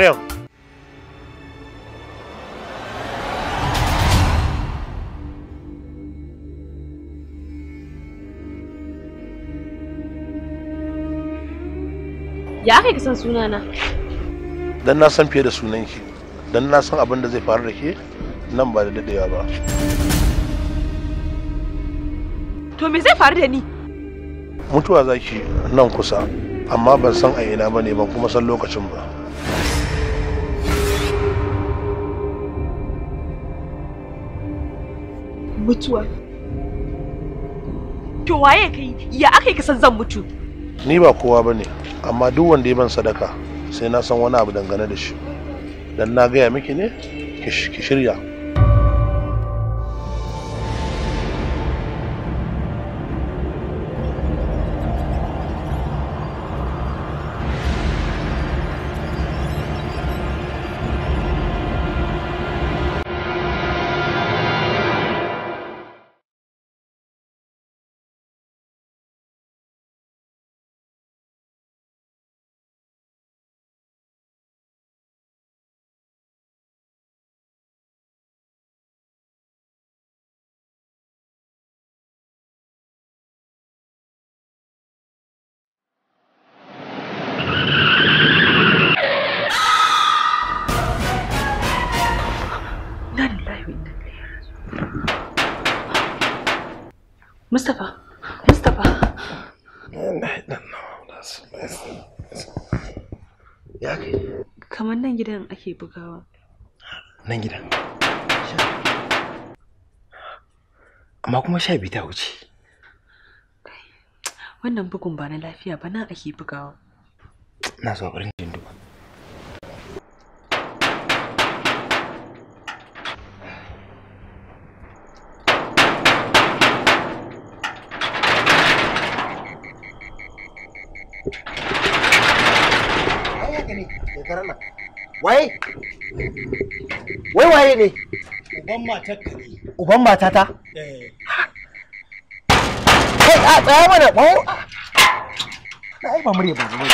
Amarelo. Ya kai ka san sunana? Dan na san fiye da sunan ki. Dan na san abin da zai faru da ke nan ba da dadewa ba. To me zai faru da ni? Mutuwa zaki nan kusa, amma ban san a ina ne ban kuma san lokacin ba. mutuwa to waye kai ya aka ka zan mutu ni ba kowa bane amma duk wanda ya ban sadaka sai na san wani abu dangane da shi dan na gaya miki ne ki shirya Mustapha, Mustapha. Ya kai. Kamar nan gidan ake bugawa. Nan gidan. Amma kuma sha biyu ta wuce. Wannan bugun ba na lafiya ba nan ake bugawa. Na zuwa barin jin duba. Wai? Wai waye ne? Uban matarka ne. Uban matata? Eh. Kai a tsaya mana ɓau. Na ai ba murya ba ne.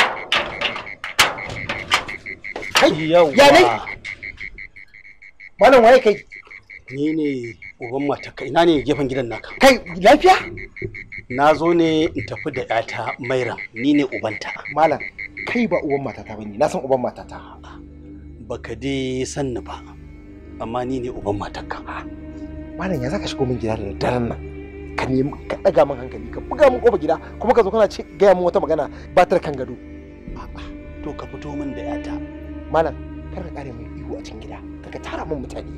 Kai ya ne? Malam waye kai? Ni ne uban matarka ina ne gefen gidan naka. Kai lafiya? Na zo ne in tafi da ƴata Maira ni ne ubanta. Malam kai ba uban matata bane na san uban matata. baka dai san ni ba amma ni ne uban matarka malam ya zaka shigo min gida da daren nan ka nemi ka daga min hankali ka buga min kofar gida kuma ka zo kana ce gaya min wata magana ba ta kan gado a'a to ka fito min da yata malam kar ka kare min ihu a cikin gida kar ka tara min mutane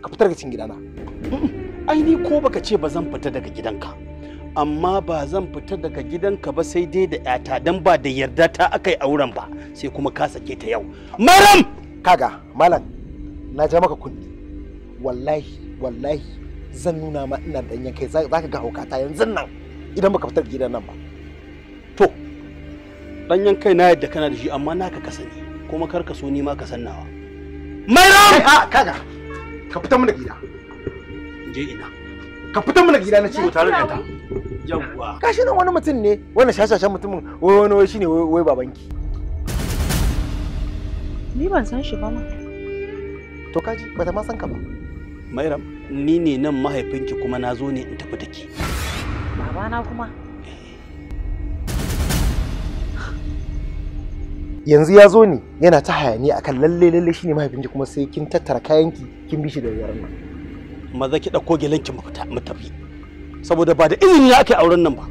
ka fitar da cikin gidana ai ni ko baka ce ba zan fita daga gidanka amma ba zan fita daga gidanka ba sai dai da yata don ba da yarda ta aka yi auren ba sai kuma ka sake ta yau maram kaga malam na ja maka kunni wallahi wallahi zan nuna ma ina da kai za ka ga haukata yanzu nan idan baka fita gidan nan ba to danyen kai na yadda kana da shi amma naka ka sani kuma kar ka so ni ma ka san nawa maram kaga ka fita mana gida je ina ka fita mana gida na ce tare da ta yawwa kashi nan wani mutum ne wani shashashan mutumin wai wani wai shine wai babanki ni ban san shi ba ma to kaji bata ma san ka ba mairam ni ne nan mahaifinki kuma na zo ne in tafi da ke babana kuma eh. yanzu ya zo ne yana ta hayani akan lalle lalle shine mahaifinki kuma sai kin tattara kayanki kin bi shi da yaran nan maza ki ɗauko gelanki mu fita tafi saboda ba da izini na aka auren nan ba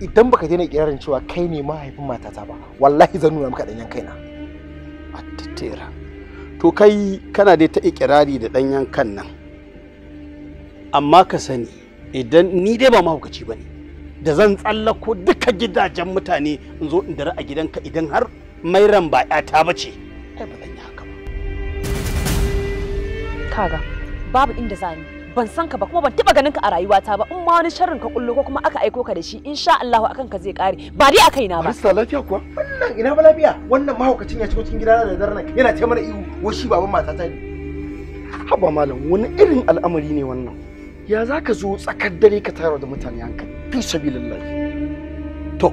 idan baka daina kirarin cewa kai ne mahaifin matata ba wallahi zan nuna maka danyen kaina a tattera to kai kana da ta ikirari da danyen kan nan amma ka sani idan ni dai ba mahaukaci ba ne da zan tsallako duka gidajen mutane in zo in dara a gidanka idan har mairan ba 'yata ba ce ba zan haka ba kaga babu inda za ni ban san ka ba kuma ban taba ganin ka a rayuwata ba in ma wani sharrin ka kullu ko kuma aka aiko ka da shi insha Allah akan ka zai kare ba dai a na ba Allah lafiya kuwa wannan ina ba lafiya wannan mahaukacin ya shigo cikin gidana da daren yana ce mana ihu wai shi baban matata ne Haba malam wani irin al'amari ne wannan ya za ka zo tsakar dare ka tayar da mutane hankali fi sabilillah to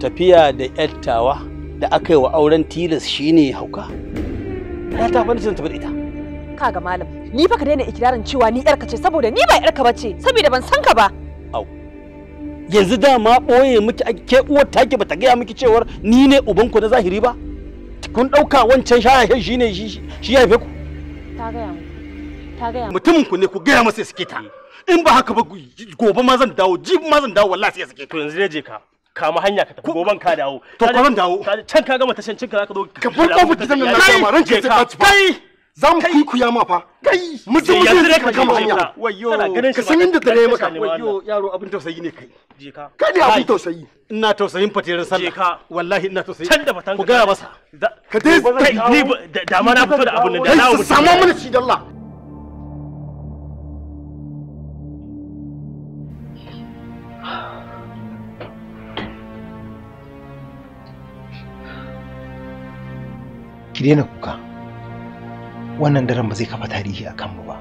tafiya da yattawa da aka yi wa auren tilas shine hauka na ta fanta tafi ita Ka ga malam, ni fa ka daina ikirarin cewa ni yarka ce saboda ni ba yarka bace, saboda ban san ka ba. Au. Yanzu dama boye miki ke uwar take bata gaya miki cewar ni ne ubanku na zahiri ba? Kun dauka wancan shayashen shi ne shi ya haife ku? Ta gaya mu. Ta gaya mu. Mutumin ku ne ku gaya masa suke ta. In ba haka ba gobe ma zan dawo, jibi ma zan dawo wallahi sai ya To yanzu dai je ka. kama hanya ka tafi goban ka dawo to ka zan dawo can ka gama tashan cin ka zaka zo ka bar kofar zan nan na kama ranke sai ka kai za mu kuikuya ma fa kai ka kama hanya wayo ka san inda maka wayo yaro abin tausayi ne kai kai ne abin tausayi ina tausayin fatirin sallah wallahi ina tausayi can da fatan ku masa ka dai kai ni da ma na fito da abun na samu dalla ki daina kuka wannan daren ba zai kafa tarihi a kanmu ba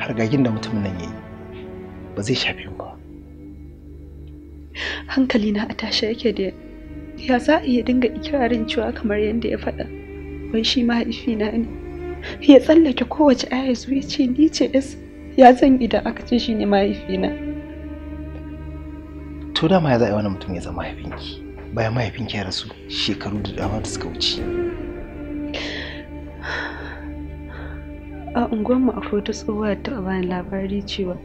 hargagin da mutumin nan ya yi ba zai shafe mu ba hankali na a tashe yake da ya za a iya dinga ikirarin cewa kamar yadda ya faɗa wai shi mahaifina ne ya tsallake kowace aya zuwa ce ni ce es ya zan idan aka ce shi ne mahaifina to dama ya za a yi wani mutum ya zama mahaifinki bayan mahaifinki ya rasu shekaru da dama da suka wuce a unguwarmu akwai wata tsohuwa da ta bani labari cewa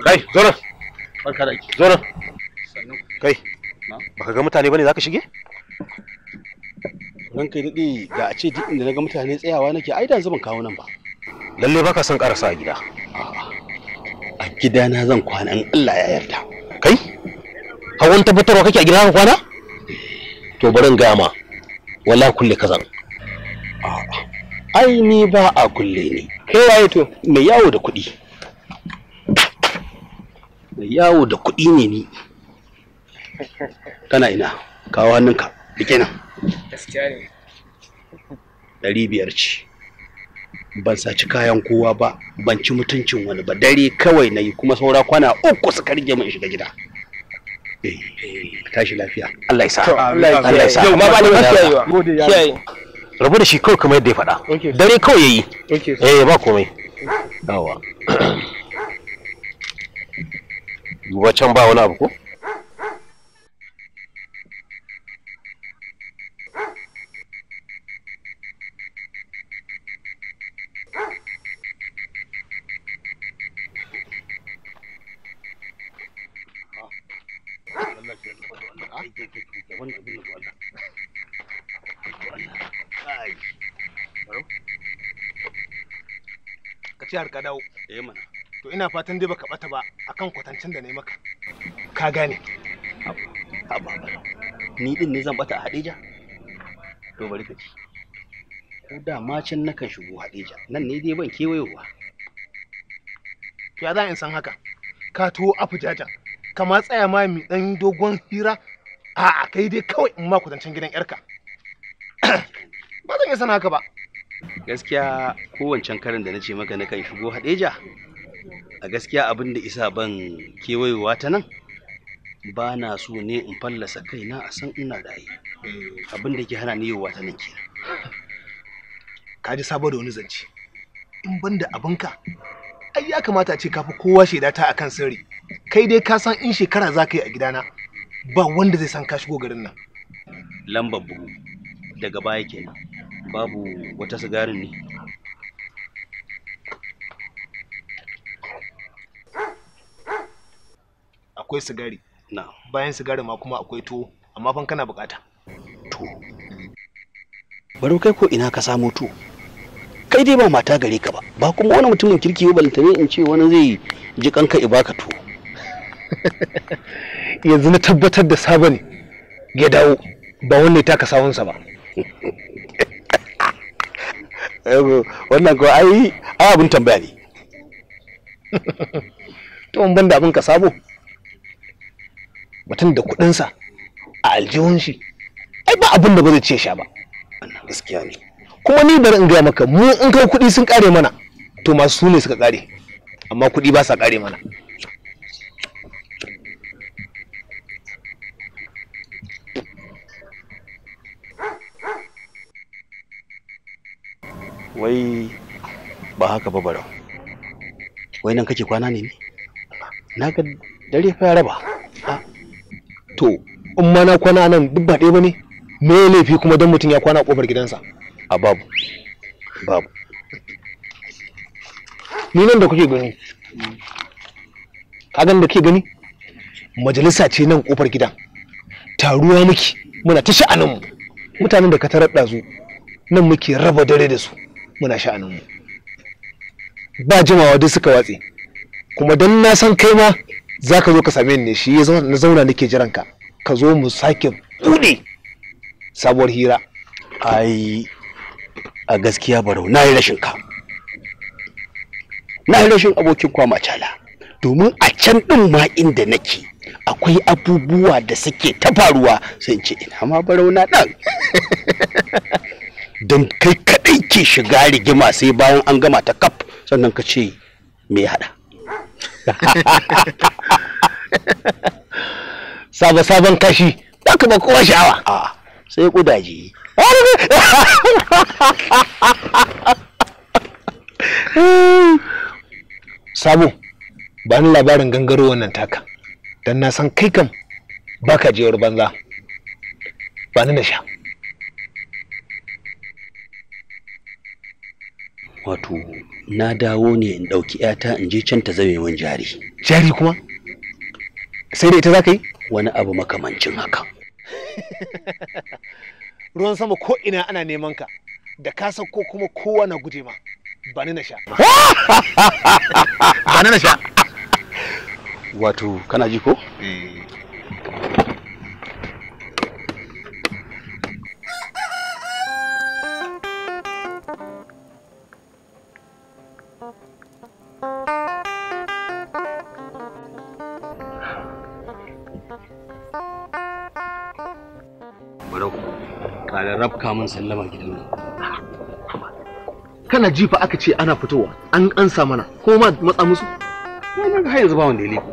Kai, zo nan. Barka da Zo nan. Kai, baka ga mutane bane zaka shige? Ranka daɗi da a ce duk inda na ga mutane tsayawa nake ai da zuban kawo nan ba. Lalle baka son karasa a gida. A gida na zan kwana in Allah ya yarda. Kai, hawan tabbatarwa kake a gida ka kwana? To bari in wala kulle kazan. A'a, ai ni ba a kulle ne. kai waye to mai yawo da kuɗi mai yawo da kuɗi ne ni kana ina kawo hannunka rike nan ɗari biyar ce ban saci kayan kowa ba ban ci mutuncin wani ba dare kawai na yi kuma saura kwana uku suka rige min shiga gida eh, eh, tashi lafiya Allah ya sa Allah ya sa yau ma ba ni ba kiyaye rabu da shi kawai kamar yadda ya faɗa dare kawai ya yi eh ba komai yawa duba can ba wani abu ko ah? abin da jihar ka dawo eh mana to ina fatan dai baka bata ba akan kwatancin da na yi maka ka gane haba bala ni din ne zan bata a Hadija to bari ka ci ko da ma can nakan shigo Hadija nan ne dai ban kewayowa to ya za in san haka ka tuwo afujaja kama tsaya ma mi dan dogon hira a kai dai kawai in ma kwatancin gidan yarka ba zan iya sana haka ba gaskiya kowancan karin da na ce maka na kan shigo hadeja a gaskiya abin da isa ban kewayowa ta nan ba na so ne in fallasa kaina a san ina da yi abin da ke hana ni yiwuwa ta nan ke ka ji sabo da wani zance in ban da abinka ai ya kamata ce kafi kowa shaida ta akan sirri kai dai ka san in shekara za ka yi a gidana ba wanda zai san ka shigo garin nan lambar buhu daga baya kenan babu wata sigarin ne akwai sigari bayan sigari ma kuma akwai tuwo amma fan kana bukata to bari kai ko ina ka samo tuwo kai dai ba mata gare ka ba ba kuma wani mutumin kirki ba balanta ne in ce wani zai ji kanka i baka tuwo yanzu na tabbatar da saba ne ya dawo ba wanne ta taka sawunsa ba wannan ko ai abin tambaya ne to ban da abin ka sabo mutum da kuɗinsa a aljihun shi ai ba abin da ba zai ce sha ba gaskiya ne kuma ni bari in gaya maka mu in kai kuɗi sun kare mana to masu su ne suka kare amma kuɗi ba sa kare mana wai ba haka ba barau wai nan kake kwana ne na ga dare fa ya raba to in ma na kwana nan duk ba ɗaya ba ne me ya laifi kuma don mutum ya kwana ƙofar gidansa a babu babu ni nan da kuke gani kagan da ke gani majalisa ce nan ƙofar gidan taruwa muke muna ta mu. mutanen da ka tarar ɗazu nan muke raba dare da su muna mu. ba jimawa duk suka watse kuma don na san kai ma za ka zo ka same ni shi ya na zauna nake jiran ka ka zo mu sake bude sabuwar hira ai a gaskiya barau na yi rashin ka na yi rashin abokin kwa macala domin a can din ma inda nake akwai abubuwa da suke ta faruwa sai ce ina ma barau na dan don kai kaɗai ke shiga rigima sai bayan an gama ta kaf sannan ka ce me hada saba sabon kashi ba ka ba kowa sha'awa sai kudaje sabo ba ni labarin gangaro wannan taka dan na san kai kam ba ka banza ba ni na sha wato na dawo ne in ɗauki 'yata in je can ta zame min jari jari kuma sai da ita za ka yi wani abu makamancin haka ruwan sama ko ina ana neman ka da ka ko kuma kowa guje ma bani na sha ba na sha wato kana ji ko eh. barau min sallama gidan nan kana jifa aka ce ana fitowa an ansa mana ko ma matsa musu wannan ga yanzu ba wanda ya laifi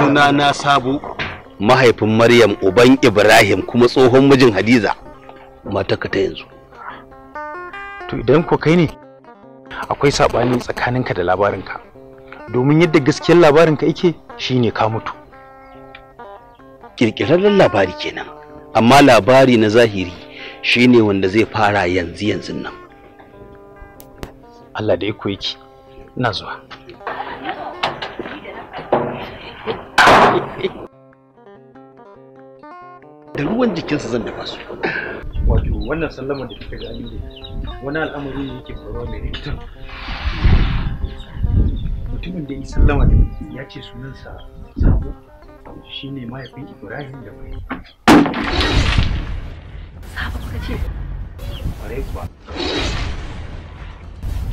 suna na sabu mahaifin maryam uban ibrahim kuma tsohon mijin hadiza Matakata ta yanzu to idan ko kai ne akwai saɓani tsakaninka da labarinka domin yadda gaskiyar labarinka yake shine ka mutu ƙirƙirarren labari kenan amma labari na zahiri shine wanda zai fara yanzu yanzu nan Allah da ya yake ina zuwa da ruwan jikinsa zan dafa su wannan sallama da kika gani ne wani al'amari ne yake faruwa mai rikita mutumin da ya yi sallama da ya ce sunansa sabo ne mahaifin Ibrahim da mai sabo kuka ce kwarai kuwa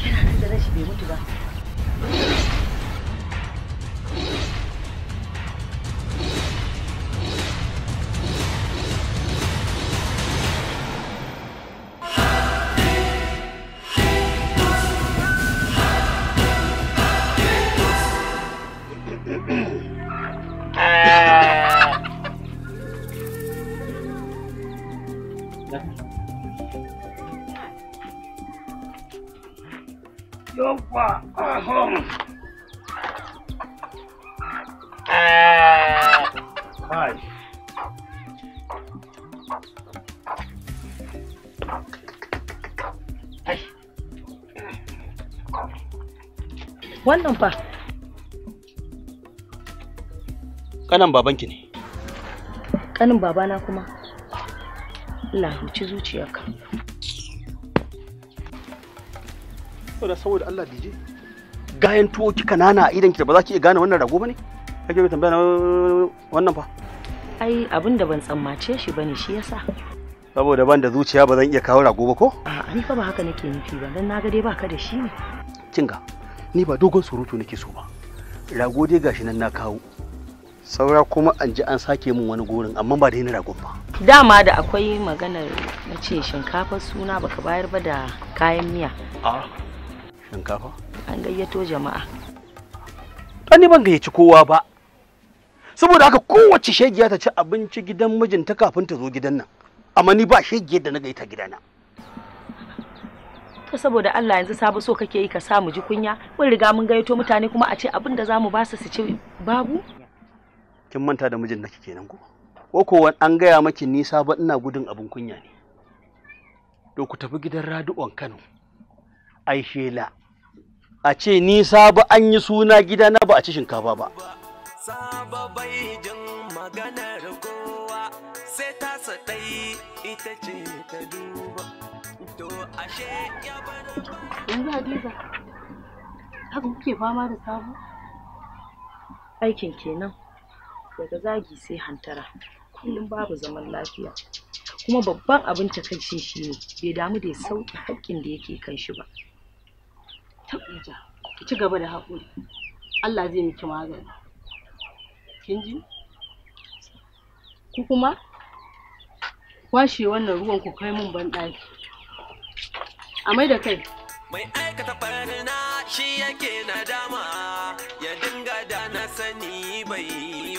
yana nan da rashi bai mutu ba kanan babanki ne kanin babana kuma Allah huci zuciyarka saboda saboda Allah dije gayan tuwo ki kanana a idan ki da ba za ki iya gane wannan rago bane kake mai tambaya wannan fa ai abin da ban tsammace shi bane shi yasa saboda ban da zuciya ba zan iya kawo rago ba ko a'a ni fa ba haka nake nufi ba dan naga dai baka da shi ne kinga ni ba dogon surutu nake so ba rago dai gashi nan na kawo saura kuma an ji an sake min wani gurin amma ba da yin ragon ba dama da akwai maganar na ce shinkafa suna baka bayar ba da kayan miya a shinkafa an gayyato jama'a dan ni ban gayyaci kowa ba saboda haka kowace shegiya ta ci abinci gidan mijinta kafin ta zo gidan nan amma ni ba shegiya da na gaita gidana Ta saboda Allah yanzu sabu so kake yi ka samu ji kunya mun riga mun gayyato mutane kuma a ce abin da zamu ba su su ci babu kin manta da mijin nake kenan ko ko ko an gaya maki nisa ba ina gudun abin kunya ne to ku tafi gidan radu'on Kano ai shela a ce nisa ba an yi suna gida na ba a ci shinkafa ba saba bai jin maganar kowa sai ta sadai ita ce ta duba to ashe ya bar ba yanzu Hadiza haka kuke fama da sabo aikin kenan daga zagi sai hantara kullum babu zaman lafiya kuma babban abin takaicin shi ne bai damu da ya sauke haƙƙin da yake kan shi ba tabbata ki ci gaba da haƙuri Allah zai miki magani kin ji ku kuma kwashe wannan ruwan ku kai mun ban ɗaki a mai da kai mai aikata farna shi yake nadama ya dinga da na sani bai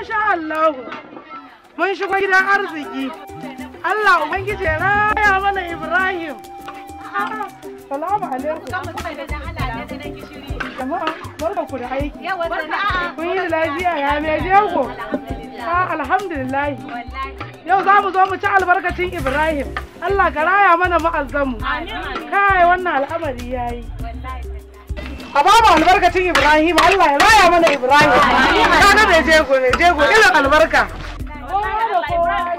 Masha Allah. Mun shigo gidan arziki. Allah Ubangiji ya raya mana Ibrahim. Salamu alaikum. Jama'a, barka ku da aiki. Kun yi lafiya ya mai jego. Alhamdulillah. Ah, Yau za mu zo mu ci albarkacin Ibrahim. Allah ka raya mana ma'azzamu. Kai wannan al'amari yayi. a ba mu albarkacin ibrahim allah ya raya mana ibrahim kaga mai jego mai jego irin albarka Mai jego irin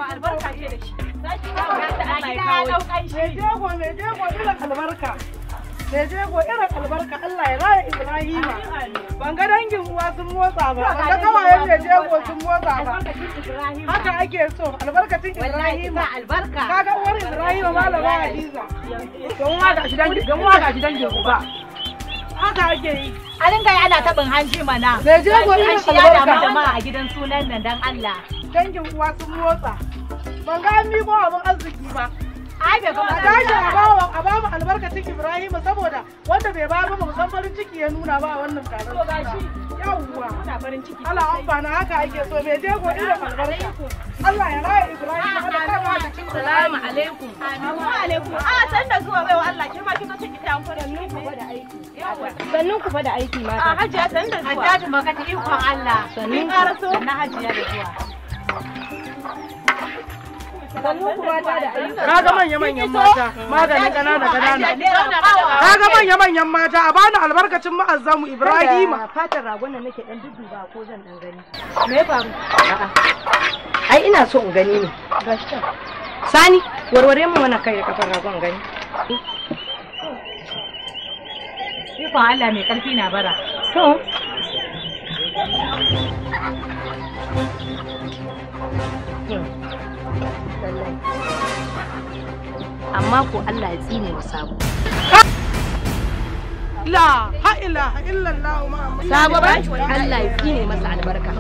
albarka Allah ya raya Ibrahima. Ban ga dangin uwa sun motsa ba, ban ga kawayen mai jego sun motsa ba. Haka ake so, albarkacin Ibrahima. Kaga uwar Ibrahima malama Hadiza. Gamuwa ga shi dangin uba. haka ake yi a ana taɓin hanci mana Me je gobe na kalbarka an jama'a a gidan sunan nan dan Allah dangin uwa sun motsa ban ga an miko abin arziki ba a daji a ba mu albarkacin ibrahim saboda wanda bai ba mu san farin ciki ya nuna ba a wannan taron yawwa Allah amfana haka ake so bai je jego da albarka Allah ya raya ibrahim Allah ka ba cikin salamu alaikum wa alaikum a ah, san da zuwa bai Allah ke ma kika ciki ta amfara ni ku da aiki sannin ku da aiki mata a ah, hajiya san da zuwa hajiya ma ka ta ikon Allah sannin ku na hajiya da zuwa kaga manya manyan mata maganin ƙanana, kaga manya manyan mata a bani albarkacin ma'azzamu ibrahima fatar ragon nan nake dan me faru ai ina so gani ne sani warware mu wannan kai da kafar ragon gani Allah mai ƙarfi na bara. Hmm. amma ko Allah ya tsine wa sabo la ha ilaha illallah muhammad sabo ba Allah ya tsine masa albarka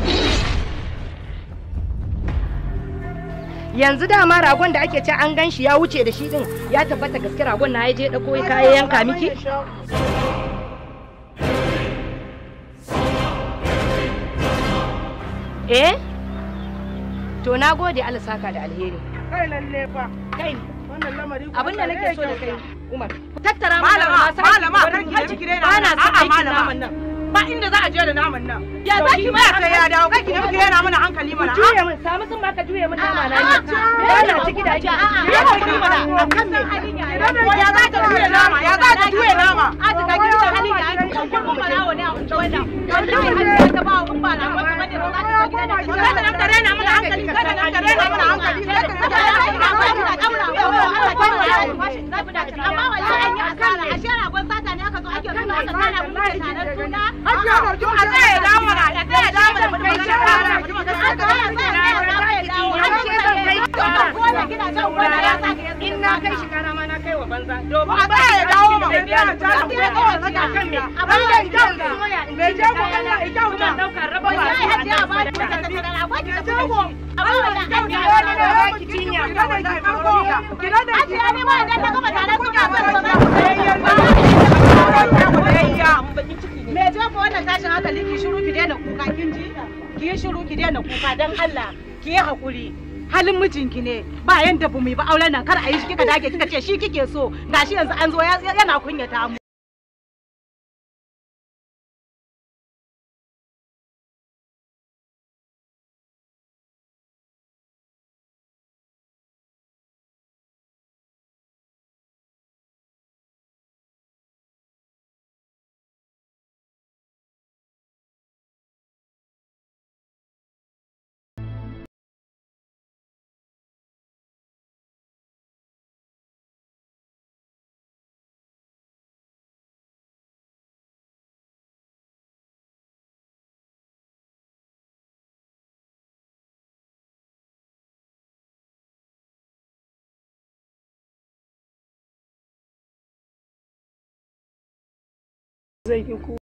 yanzu dama ragon da ake ce an gan shi ya wuce da shi din ya tabbata gaske ragon na ya je ɗauko ya yanka miki na gode Allah saka da alheri. Kai lalle fa. Kai. Wannan lamari ko abin da nake so da kai Umar. Tattara malama malama kan ki da dai na. Ana na san aikin naman nan. ba inda za a je da naman nan ya za ki mai aka ya dawo kake nufi yana mana hankali mana juye min samu sun maka juye min nama na yana ciki da ake ya hankali mana akan me ya za ta juye nama ya za ta juye nama a ta kake da hali da ake kun mun mara wani a kunta wannan wallahi hali ta ba kun ba na wata bane za ka zo gidan da za ta nan rena mana hankali za ta nan rena mana hankali za ta nan rena mana hankali Allah ya kawo Allah ya kawo amma wallahi an yi asara a shara gon sata zo ake nuna wasan nana kuma ke tanar suna a tsaye ya dawo mana a tsaye ya dawo mana mutum magana ta hana mutum magana ta hana a tsaye ya dawo ya dawo an ce zan kai to ka kona gidajen gona ya sa ka in na kai shiga na ma na kai wa banza domin a tsaye ya dawo ma mai biya ta ta kuma kawai saka kan me a ba da idan ga mai jago Allah ya kyauta daukar raba ba a hadiya ba da ta tsara ba ki jago abin da ta kyauta ne da ba ki cinya kada ki tsoro ki da ne ma da ta gama tare ku ka ba ba wata gudayya me wannan tashin hankali ki shiru ki daina kuka kin ji ki yi shiru ki daina kuka dan Allah ki yi hakuri halin mijinki ne ba yanda bu mu ba auren nan kar a yi shi kika dage kika ce shi kike so gashi yanzu an zo yana kunyata mu zan yi ko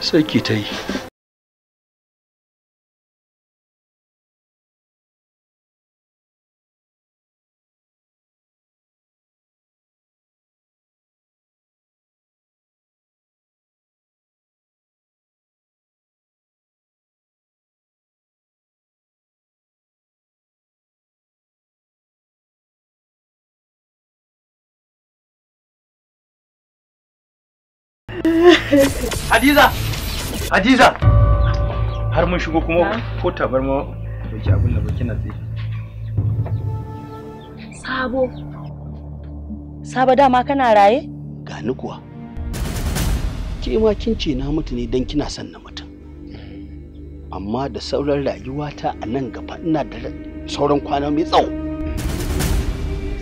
Sai ki Hadiza! Hadiza! Har mun shigo kuma ko tabar ma doki abin da baki na tsaye. Sabo. Sabo dama kana raye? Gani kuwa. Ke ma kin ce na mutu ne don kina son na mutum. Amma da sauran rayuwata a nan gaba ina da sauran kwana mai tsawo.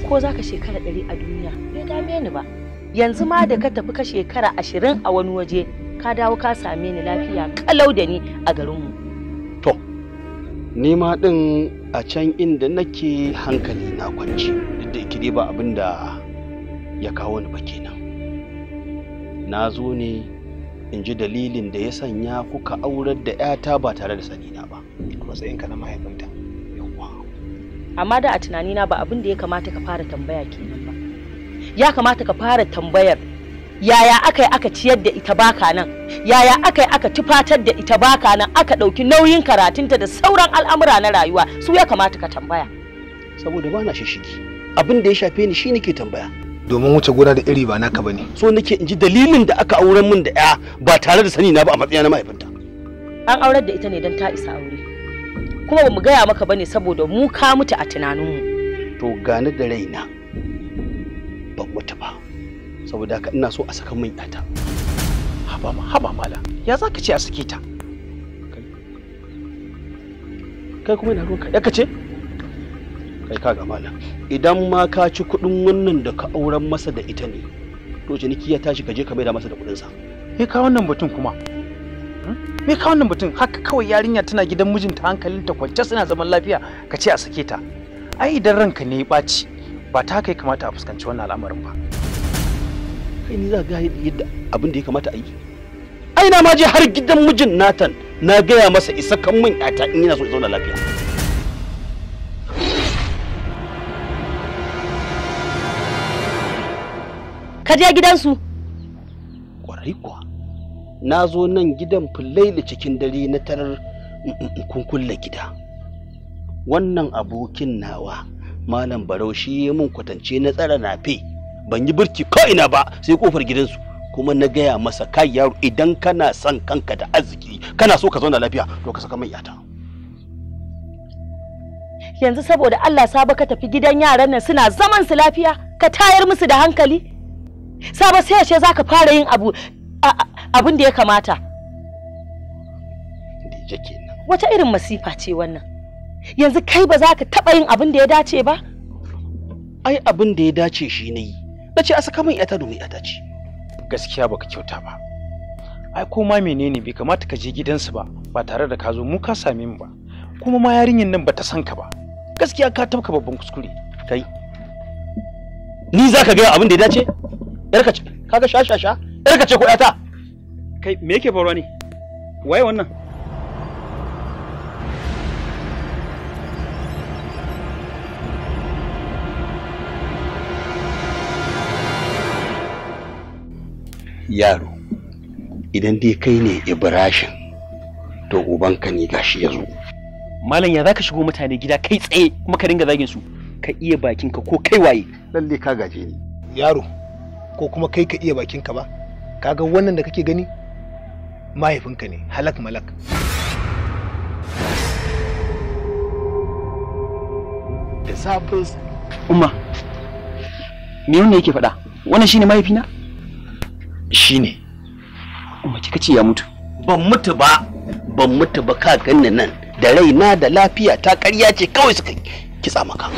Ko za ka shekara ɗari a duniya bai dame ni ba. yanzu ma da ka tafi ka shekara ashirin a wani waje ka dawo ka same ni lafiya kalau da ni a garinmu to ni ma din a can inda nake hankali na kwanci duk da ikiri ba abin da ya kawo ni ba kenan na zo ne in ji dalilin da ya sanya kuka aurar da 'yata ba tare da sanina ba a matsayinka na mahaifinta amma da a tunanina ba abin da ya kamata ka fara tambaya kenan ba ya kamata ka fara tambayar yaya aka yi aka ciyar da ita baka nan yaya aka yi aka tufatar da ita baka nan aka ɗauki nauyin karatunta da sauran al'amura na rayuwa su ya kamata ka tambaya saboda ba na shishigi abin da ya shafe ni shi nake tambaya domin wuce gona da iri ba naka bane so nake in ji dalilin da aka auren min da ya ba tare da sani na ba a matsayina na mahaifinta an aurar da ita ne don ta isa aure kuma ba mu gaya maka bane saboda mu ka mutu a tunaninmu to gani da raina ban mutu ba saboda haka ina so a saka min yata haba ma haba mala ya za ka ce a sake ta kai kuma ina ruwanka ya ka ce kai ka ga mala idan ma ka ci kuɗin wannan da ka auren masa da ita ne to ciniki ya tashi ka je ka maida masa da kuɗinsa me ka wannan batun kuma hmm? me ka wannan mutum haka kawai yarinya tana gidan mijinta hankalinta kwance suna zaman lafiya ka ce a sake ta ai idan ranka ne ya ɓaci ba ta kai kamata a fuskanci wannan al'amarin ba kai ni za ga yadda abin da ya kamata a yi ai na ma je har gidan mijin Nathan na gaya masa isa kan min yata in yana so ya zauna lafiya ka je gidansu kwarai kuwa na zo nan gidan fulaili cikin dare na tarar kunkulla gida wannan abokin nawa malam barau shi ya mun kwatance na tsara nafe ban yi birki ko ina ba sai kofar gidansu kuma na gaya masa kai yaro idan kana son kanka da arziki kana so ka zauna lafiya to ka saka mai yata yanzu saboda Allah saba ka tafi gidan yaran nan suna zaman su lafiya ka tayar musu da hankali saba sai yaushe zaka fara yin abu abin da ya kamata wata irin masifa ce wannan yanzu kai ba za ka taɓa yin abin da ya dace ba ai abin da ya dace shi na yi na ce a saka min yata domin yata ce gaskiya baka kyauta ba ai ko ma menene bai kamata ka je gidansu ba ba tare da ka zo mu ka same mu ba kuma ma yarinyar nan bata san ka ba gaskiya ka tabka babban kuskure kai ni za ka gaya abin da ya dace yarka ce kaga sha sha sha yarka ce ko yata kai me yake faruwa ne waye wannan yaro idan dai kai ne ibrahim to ubanka ne gashi ya zo malam ya zaka shigo mutane gida kai tsaye kuma ka dinga zagin su ka iya bakinka ko kai waye lalle ka gaje ni yaro ko kuma kai ka iya bakinka ba kaga wannan da kake gani mahaifinka ne halak malak da safin umma me wannan yake faɗa wannan shine mahaifina shine amma kika ce ya mutu ban mutu ba ban mutu ba ka ganni nan da raina da lafiya ta ƙarya ce kawai suka kitsa maka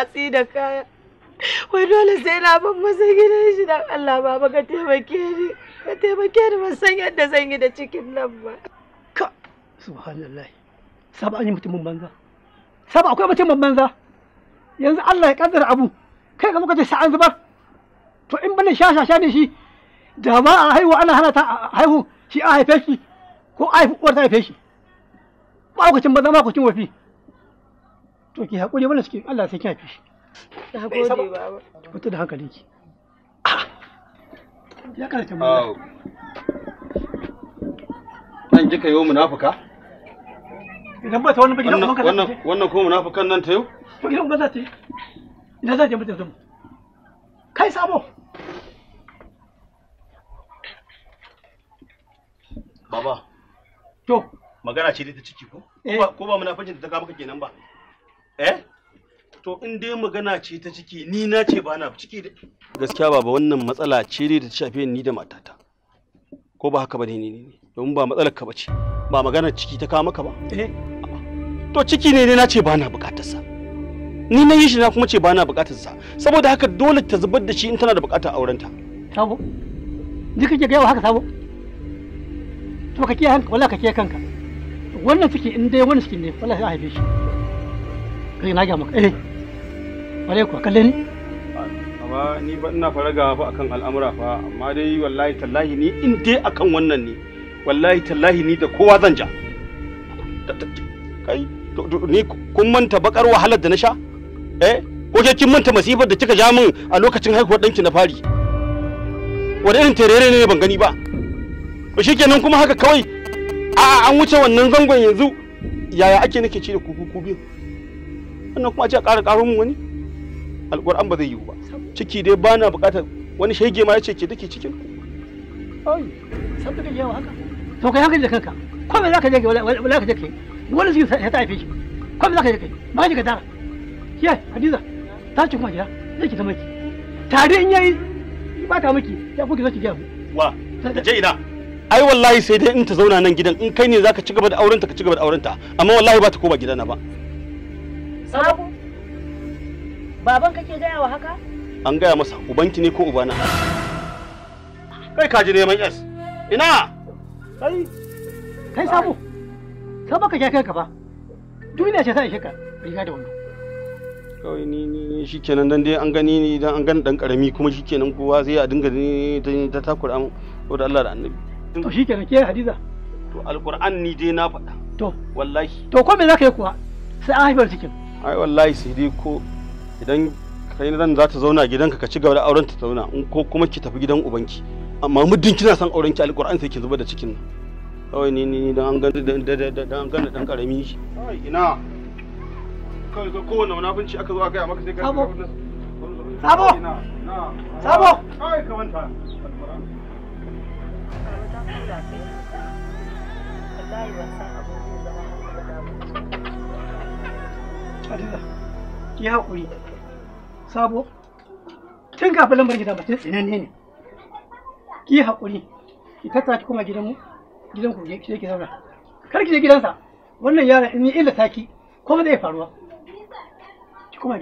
watsi da kaya wai dole sai na ban masa gidan shi dan Allah baba ka taimake ni ka taimake ni ban san yadda zan yi da cikin nan ba ka subhanallahi saba an yi mutumin banza saba akwai mutumin banza yanzu Allah ya kaddara abu kai ka muka ce sa'an zubar to in bane sha ne shi da ba a haihu ana hana ta haihu shi a haife shi ko a haifi uwar ta haife shi ba lokacin banza ba lokacin wafi to ki haƙuri suke Allah sai kyafi shi na da hankali ki ah! ya oh. munafuka idan kuma munafukan nan ta yau yi sabo baba to magana ce ta ciki ko eh. ko ba munafincin da ta kama maka kenan ba eh to in dai magana ce ta ciki ni na ce ba na ciki da gaskiya baba wannan matsala ce da ta shafe ni da matata ko ba haka ba ne ne domin ba matsalar ka bace ba magana ciki ta kawo maka ba eh to ciki ne ne na ce ba na bukatar sa ni na yi shi na kuma ce ba na bukatar sa saboda haka dole ta zubar da shi in tana da bukatar aurenta sabo ni kake ga haka sabo to ka kiyaye kanka wallahi ka kiyaye kanka wannan ciki in dai wani ciki ne wallahi sai a haife shi kai na maka eh bare ku kalle ni amma ni ba ina faraga fa akan al'amura fa amma dai wallahi tallahi ni in dai akan wannan ne wallahi tallahi ni da kowa zan ja kai ni kun manta bakar wahalar da na sha eh ko ke kin manta masifar da kika ja min a lokacin haihuwar danki na fari wani irin terere ne ban gani ba to shikenan kuma haka kawai a an wuce wannan zangon yanzu yaya ake nake ci da kuku biyu sannan kuma ce a ƙara ƙaro min wani alƙur'an ba zai yiwu ba ciki dai ba na buƙatar wani shege ma ya ce ke take cikin ku ai san da yawa haka to kai hankali da kanka ko me zaka je wala ka je kai wani zai ya tafi shi ko me zaka je kai ba ji ka tara ke hadiza ta ci kuma gida zai ki zama ki tare in yayi ba ta miki ya fuki zaki gaya mu wa ta je ina ai wallahi sai dai in ta zauna nan gidan in kai ne zaka ci gaba da aurenta ka ci gaba da aurenta amma wallahi ba ta koma gidana ba Sabu? Baban kake gaya wa haka? An gaya masa ubanki ne ko ubana? Kai ka ji neman yes. Ina? Kai kai sabu. Ka baka ja kanka ba. Duniya ce ta ishe ka riga da wando. Kawai ni ni shikenan dan dai an gani ni dan an gani dan karami kuma shikenan kowa sai a dinga ni ta takura mu da Allah da Annabi. To shikenan ke Hadiza. To alquran ni dai na faɗa. To wallahi. To ko me zaka yi kuwa? Sai an haifar cikin. ai wallahi sai dai ko idan kai ran za ta zauna gidanka ka ci gaba da auren ta zauna in ko kuma ki tafi gidan ubanki amma muddin kina son auren ki alƙur'an sai ki zuba da cikin nan kawai ni ni dan an gani dan an gani dan karami ina kawai ga kowane munafunci aka zo aka yi maka sai ka sabo sabo sabo kawai ka manta wallahi ban san abu ki haƙuri sabo tun kafin ba ne ki haƙuri ki tattara ki koma gidanmu gidan kar wannan yara in yi illa taki ko ba zai faruwa ki koma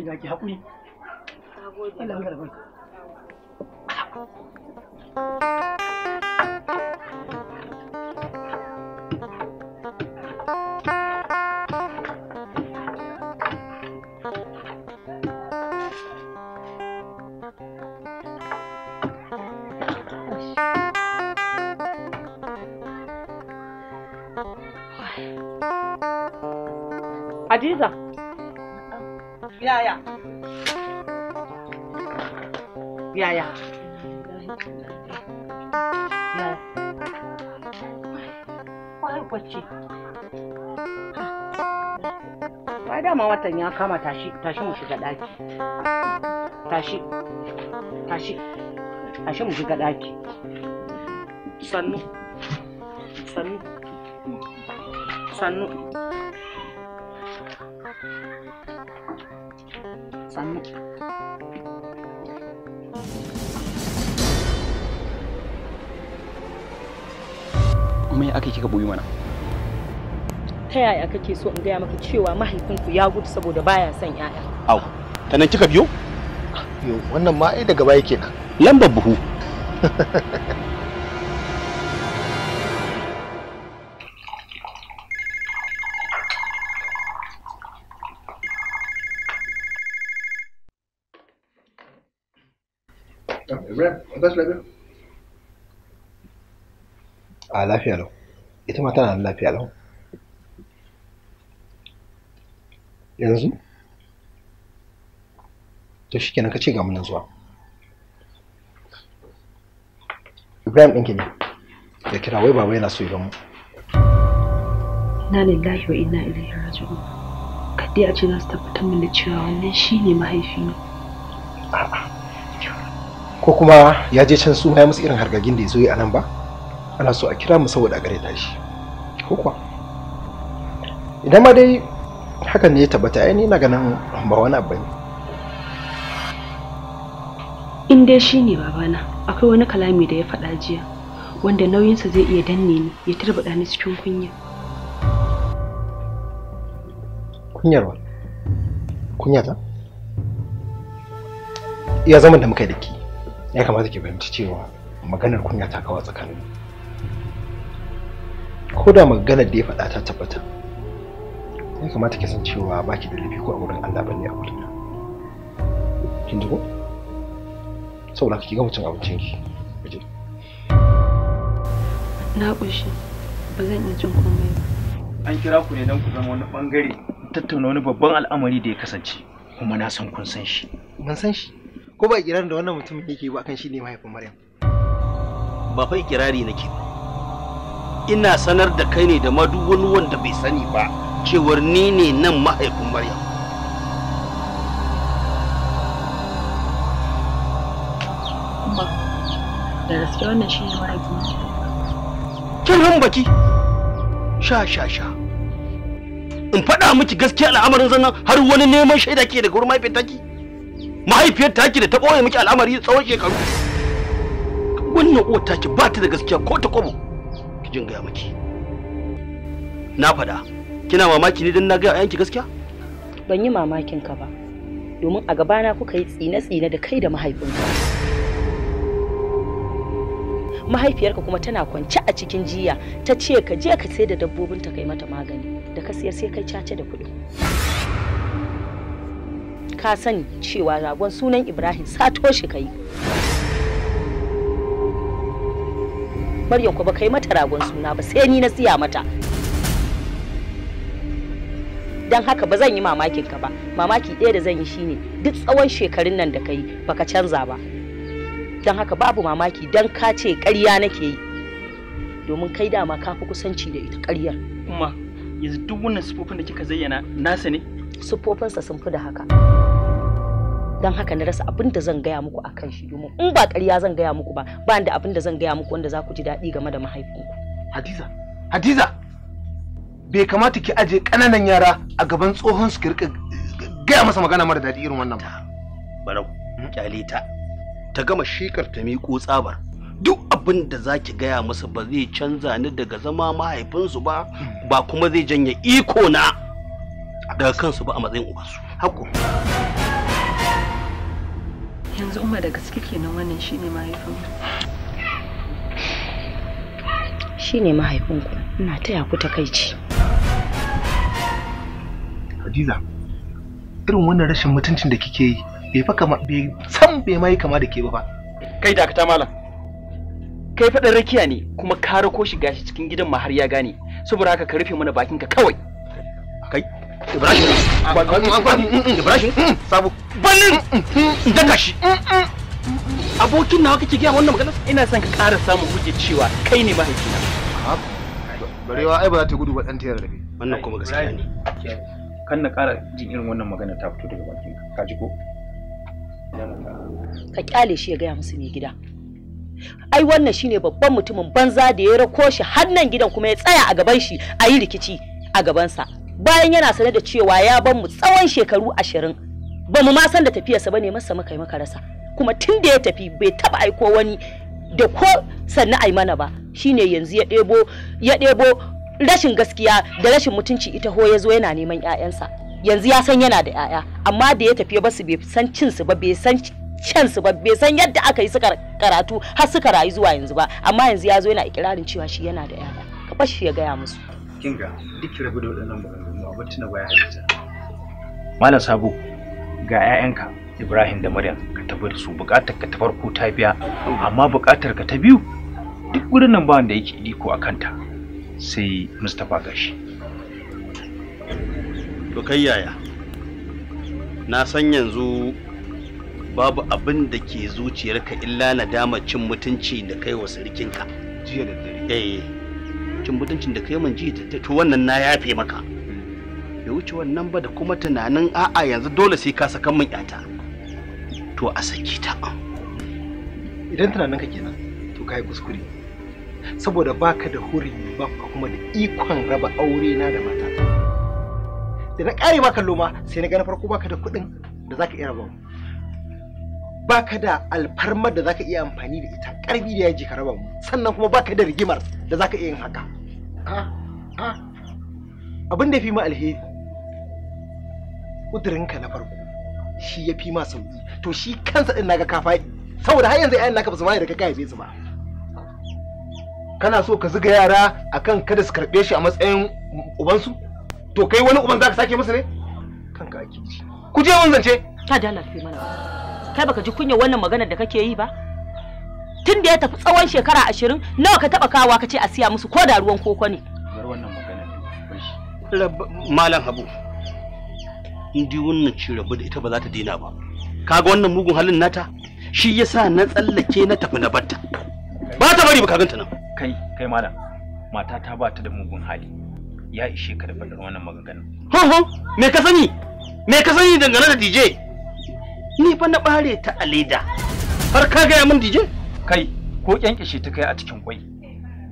ya ya ma dama watan ya kama tashi tashi mu shiga daki tashi tashi tashi mu shiga sannu ake kika boyi mana ta yaya kake so in gaya maka cewa mahaifinku ya gudu saboda baya son yaya au ta nan kika biyo yo wannan ma ai daga baya kenan lambar buhu Ibrahim, a lafiya lau. ita ma tana da lafiya lau yanzu to shi kenan ka ce ga munan zuwa ibrahim ɗinki ne da kira wai baba yana so ya mu na lillahi wa inna ilaihi raji'un kadai a ce za su tabbatar min da cewa wannan shi ne mahaifina ko kuma ya je can su ya musu irin hargagin da ya zo yi a nan ba ana so a kira mu saboda a gare tashi ko idan ma dai hakan ne ya tabbata ai ni na ganin ba wani abu ne in dai shine babana akwai wani kalami da ya faɗa jiya wanda nauyinsa zai iya danne ni ya tarbaɗa ni cikin kunya kunyar wa kunya ta iya zaman da muka yi da ki ya kamata ki fahimci cewa maganar kunya ta kawo tsakanin ko da maganar da ya faɗa ta tabbata ya kamata ka san cewa ba ki da laifi ko a wurin Allah bane a wurin kin ji ko saboda ki ga mutum abincin ki waje na kushi ba zan iya jin komai ba an kira ku ne don ku zama wani bangare tattauna wani babban al'amari da ya kasance kuma na san kun san shi ban san shi ko ba kiran da wannan mutumin yake ba kan shi ne mahaifin Maryam ba fa kirari nake ba ina sanar da kai ne da ma wani wanda bai sani ba cewar ni ne nan mahaifin maryam da gaske wannan shi ne maraƙi kin baki sha sha sha in faɗa miki gaskiya al'amarin zannan har wani neman shaida ke daga wurin mahaifiyar taki mahaifiyar taki da ta ɓoye miki al'amari tsawon shekaru wannan uwar taki ba ta da gaskiya ko ta kwabo ki jin gaya miki na faɗa kina mamaki ne don na gaya yanki gaskiya ban yi mamakin ka ba domin a gabana kuka yi tsine-tsine da kai da mahaifinka mahaifiyarka kuma tana kwance a cikin jiya ta ce ka je ka sai da dabbobin ta kai mata magani da ka siyar sai kai cace da kuɗi ka sani cewa ragon sunan ibrahim sato shi kai Maryam ku ba kai mata ragon suna ba sai ni na siya mata. Don haka ba zan yi mamakin ka ba, mamaki ɗaya da zan yi shine duk tsawon shekarun nan da kai baka canza ba. Don haka babu mamaki don ka ce ƙarya nake yi. Domin kai dama ka fi kusanci da ita ƙaryar. Kuma yanzu duk wannan sufofin da kika zayyana nasa ne? Sufofinsa sun fi da haka. don haka na rasa abin da zan gaya muku akan shi domin in ba ƙarya zan gaya muku ba ba da abin da zan gaya muku wanda za ku ji daɗi game da mahaifinku hadiza hadiza bai kamata ki aje ƙananan yara a gaban tsohon su kirka gaya masa magana mara daɗi irin wannan ba barau ƙyale ta ta gama shekar ta miƙo tsabar duk abin da za ki gaya masa ba zai canza ni daga zama mahaifinsu ba ba kuma zai janye iko na daga kansu ba a matsayin ubansu. Hakku. yanzu Umar da gaske kenan wannan shine mahaifinku ne mahaifinku ina taya ku takaici Hadiza irin wannan rashin mutuncin da kike yi bai fa kama bai san bai mai kama da ke ba fa kai da ta malam kai faɗin rakiya ne kuma ka rako shiga shi cikin gidan har ya gane saboda haka ka rufe mana bakinka kawai kai ibrahim ibrahim sabo banin daga shi abokin nawa kake gaya wannan magana ina son ka ƙara samun hujjar cewa kai ne mahaifina barewa ai ba za ta gudu ba ɗan tayar rabe wannan kuma gaskiya ne kan na ƙara jin irin wannan magana ta fito daga bakin ka ji ko ka kyale shi ya gaya musu mai gida ai wannan shine babban mutumin banza da ya rako shi har gidan kuma ya tsaya a gaban shi a yi rikici a gabansa bayan yana sane da cewa ya ban mu tsawon shekaru ashirin ba mu ma san da tafiyarsa ba ne masa muka yi maka rasa kuma tun da ya tafi bai taba aiko wani da ko sannu ai mana ba shine yanzu ya ɗebo ya ɗebo rashin gaskiya da rashin mutunci ita ho ya zo yana neman 'ya'yansa yanzu ya san yana da 'ya'ya amma da ya tafi ba su bai san cinsu ba bai san su ba bai san yadda aka yi suka karatu har suka rayu zuwa yanzu ba amma yanzu ya zo yana ikirarin cewa shi yana da ƴaƴa ka shi ya gaya musu kinga duk rabu da waɗannan maganganu baba tuna halitta malam sabo ga 'ya'yanka ibrahim da maryam ka tafi da su bukatar ka ta farko ta biya amma bukatar ka ta biyu duk gurin nan ba wanda yake iko a kanta sai mustapha gashi to kai yaya na san yanzu babu abin da ke zuciyarka illa nadama cin mutunci da kai wa sarkinka jiya da dare eh cin mutuncin da kai man jiya to wannan na yafe maka ya wuce wannan ba da kuma tunanin a'a yanzu dole sai ka saka min yata to a saki ta idan tunanin ka kenan to kai kuskure saboda baka da hurumi ba kuma da ikon raba aure na da mata da na kare maka loma sai na ga na farko baka da kuɗin da zaka iya raba baka da alfarmar da zaka iya amfani da ita karfi da yaji ka raba mu sannan kuma baka da rigimar da zaka iya yin haka ah, ah. abin da fi mu alheri ƙudurinka na farko shi ya fi ma sauki to shi kansa din naga kafa saboda har yanzu ayan naka basu su da ka haife su ba kana so ka zuga yara akan kada su karɓe shi a matsayin ubansu to kai wani uban zaka sake musu ne kanka ake ji ku je mun zance ta da lafi mana kai baka ji kunya wannan magana da kake yi ba tun da ya tafi tsawon shekara ashirin nawa ka taba kawa ka ce a siya musu ko da ruwan koko ne bar wannan magana malam habu in dai wannan ci rabu da ita ba za ta daina ba kaga wannan mugun halin nata shi yasa na tsallake na tafi na batta ba ta bari ba kaganta nan kai kai malam mata ta ba ta da mugun hali ya ishe ka da fadar wannan maganganun ho ho me ka sani me ka sani dangane da DJ ni fa na bare ta a leda har ka gaya min DJ kai ko kyankishe ta kai a cikin kwai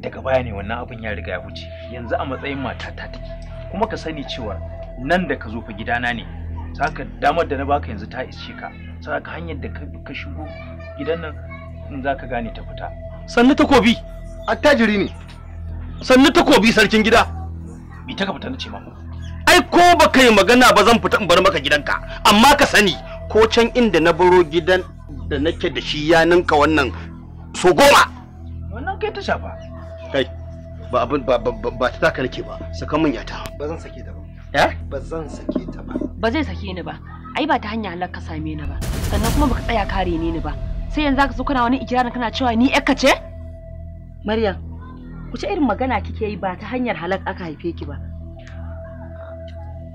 daga baya ne wannan abin ya riga ya wuce yanzu a matsayin mata ta take kuma ka sani cewa nan da ka zo fa gidana ne saka damar da na baka yanzu ta ishe ka saka hanyar da ka shigo gidan nan in za ka gane ta fita sannu takobi attajiri ne sannu takobi sarkin gida bi ta ka fita na ce ma ai ko ba kai magana ba zan fita in bar maka gidanka amma ka sani ko can inda na baro gidan da nake da shi ya ninka wannan so goma wannan kai ta shafa kai ba abin ba ba ta taka nake ba saka min yata ba zan sake ta Ba zan sake ta ba. Ba zai sake ni ba. Ai ba ta hanya halar ka same ni ba. Sannan kuma baka tsaya kare ni ni ba. Sai yanzu zaka zo kana wani ikirarin kana cewa ni ƴakka ce? Maryam, ku ce irin magana kike yi ba ta hanyar halak aka haife ki ba.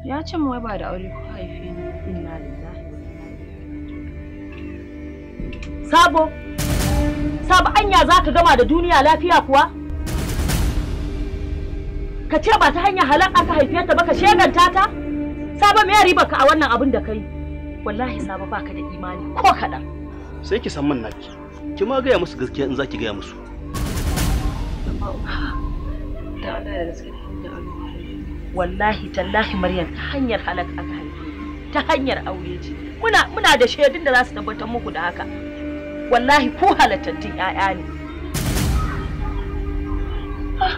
Ya ce mu wai ba da aure ku haife ni. Inna lillahi. Sabo, sabo anya za ka gama da duniya lafiya kuwa? ka ce ba ta hanyar halal aka haife ta ba ka sheganta ta saba me riba ka a wannan abin da kai wallahi saba baka da imani ko kaɗan sai ki san min naki ki ma gaya musu gaskiya in zaki gaya musu wallahi tallahi maryam ta hanyar halak aka haife ta hanyar aure ce muna muna da shaidun da za su tabbatar muku da haka wallahi ku halattattun 'ya'ya ne Ah.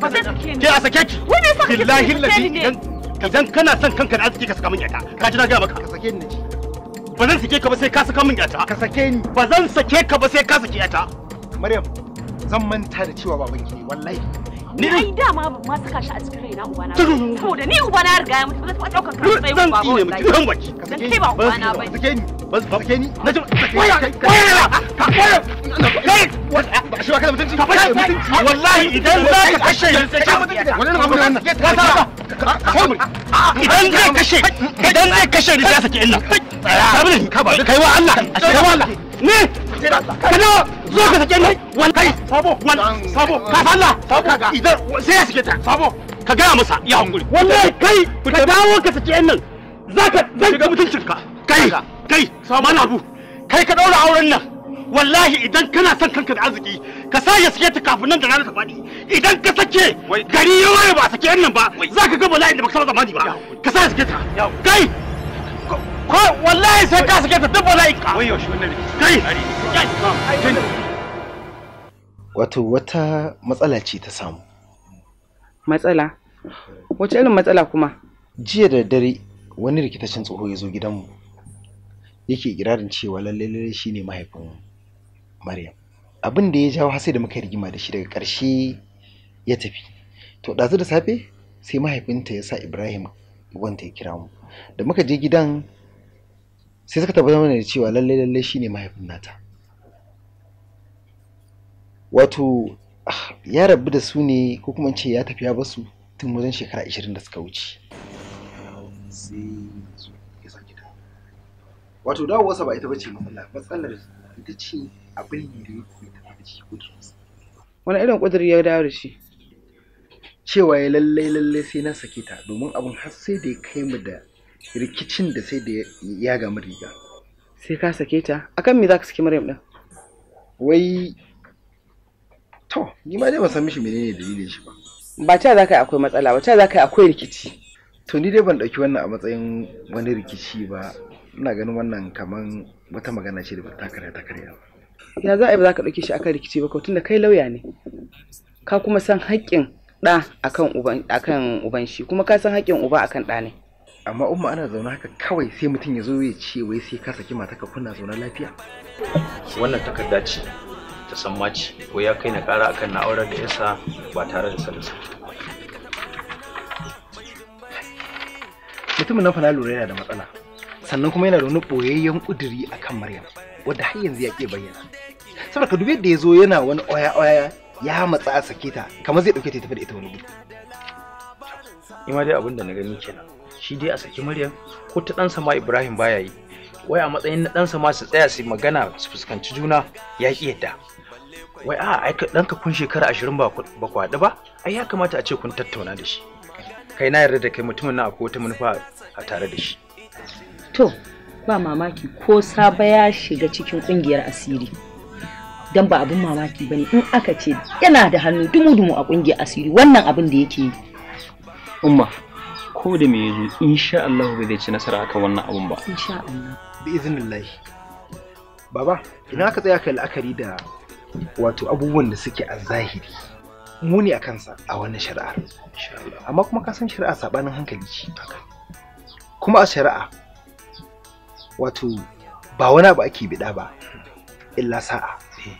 ba zai sake ni ke a sake ki wani yasa kake billahi lafi idan idan kana son kanka da arziki ka saka min yata ka ji na ga maka ka sake ni ba zan sake ka ba sai ka saka min yata ka sake ni ba zan sake ka ba sai ka saki yata maryam zan manta da cewa babanki ne wallahi Ni a da raina ubana. Saboda ni riga ya mutu ba zai kai kashe Idan zai kashe zai sake illa. Ka ba kai wa Allah. Kai wa Allah. Ni kada zo ka sake ni wani kai sabo wani sabo ka falla sabo idan sai ya sake ta sabo ka gaya masa ya hankuri wallahi kai ka dawo ka sake yan nan zaka zan ga mutuncin ka kai kai bu. kai ka daura auren nan wallahi idan kana son kanka da arziki ka sa ya sake ta kafin nan da rana ta faɗi idan ka sake gari ya waye ba sake yan nan ba zaka ga bala'in da baka saba zamani ba ka sa ya sake ta kai ko wallahi sai ka sake ta duk bala'i ka kai wato wata matsala ce ta samu matsala wace irin matsala kuma jiya da dare wani rikitaccen tsoho ya zo gidanmu yake kirarin cewa lallai-lallai shi ne mahaifin Maryam abin da ya jawo sai da muka yi rigima da shi daga ƙarshe ya tafi to ɗazu da safe sai mahaifinta ya sa Ibrahim wanta ya kira mu da muka je gidan sai suka tabbatar mana da cewa lallai lallai shine mahaifin nata wato ah, ya rabu da su ne ko kuma ce ya tafi ya basu tun wajen shekara 20 da suka wuce wato dawowarsa ba ita bace matsala matsalar ita ce abin da ya ke tafi da shi kudurinsa wani irin kuduri ya dawo da shi cewa ya lallai lallai sai na sake ta domin abin har sai da ya kai mu da rikicin da sai da ya gamu riga sai ka sake ta akan me za ka saki maryam din wai to ni ma dai ba san mishi menene dalilin shi ba ba ta za ka yi akwai matsala ba ta za ka yi akwai rikici to ni dai ban ɗauki wannan a matsayin wani rikici ba ina ganin wannan kaman wata magana ce da ba ta karya ta karya ba ya za a yi ba za ka ɗauke shi akan rikici ba ko da kai lauya ne ka kuma san haƙƙin ɗa akan uban shi kuma ka san haƙƙin uba akan ɗa ne amma umma ana zaune haka kawai sai mutum ya zo ya ce wai sai ka saki mata ka kunna zaune lafiya wannan takarda ce ta san maci ko ya kai na kara akan na aurar da yasa ba tare da sanarsa mutumin nan fa na lura yana da matsala sannan kuma yana da wani boyayyen kuduri akan Maryam wanda har yanzu ya ke bayyana saboda ka yadda ya zo yana wani oya oya ya matsa a sake ta kamar zai dauke ta tafi da ita wani gudu ima dai abin na gani kenan shi dai a saki Maryam ko ta ɗansa sama Ibrahim baya yi wai a matsayin na ɗansa sama su tsaya su magana su fuskanci juna ya ki yadda wai a ai ɗanka kun shekara ashirin ba ku haɗu ba ai ya kamata a ce kun tattauna da shi kai na yarda da kai mutumin na akwai wata manufa a tare da shi to ba mamaki ko saba ya shiga cikin ƙungiyar asiri don ba abin mamaki ba ne, in aka ce yana da hannu dumu-dumu a ƙungiyar asiri wannan abin da yake yi umma ko da me yanzu, insha Allah bai zai ci nasara akan wannan abun ba insha Allah bi iznillah baba ina ka tsaya kai la'akari da wato abubuwan da suke a zahiri mu ne a kansa a wannan shari'ar amma kuma ka san shari'a sabanin hankali ce kuma a shari'a wato ba wani abu ake biɗa ba illa sa'a eh.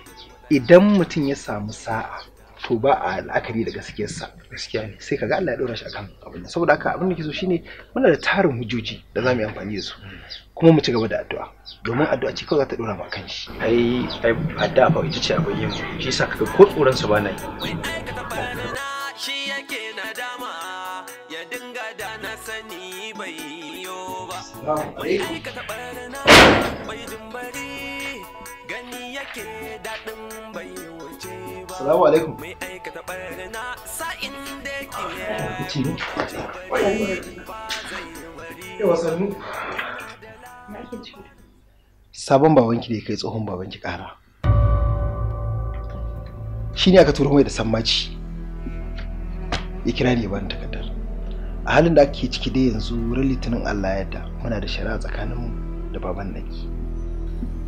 idan mutum ya samu sa'a to ba a la'akari da gaskiyarsa gaskiya ne sai kaga Allah ya dora shi akan abin saboda haka abin da ke so shine muna da tarin hujoji da zamu yi amfani da su kuma mu ci gaba da addu'a domin addu'a ce kawai za ta dora ma kan shi ai ai addu'a fa ita ce abin yin shi sa kaga ko tsoron sa ba shi yake na dama ya dinga da na sani bai yo ba bai gani yake dadin bai Assalamu alaikum. Ah, Sabon babanki da kai tsohon babanki ƙara. Shi ne aka turo mai da sammaci. Ya kira ne bani takardar. A halin da ake ciki dai yanzu wurin litinin Allah ya yadda muna da shari'a tsakaninmu da baban naki.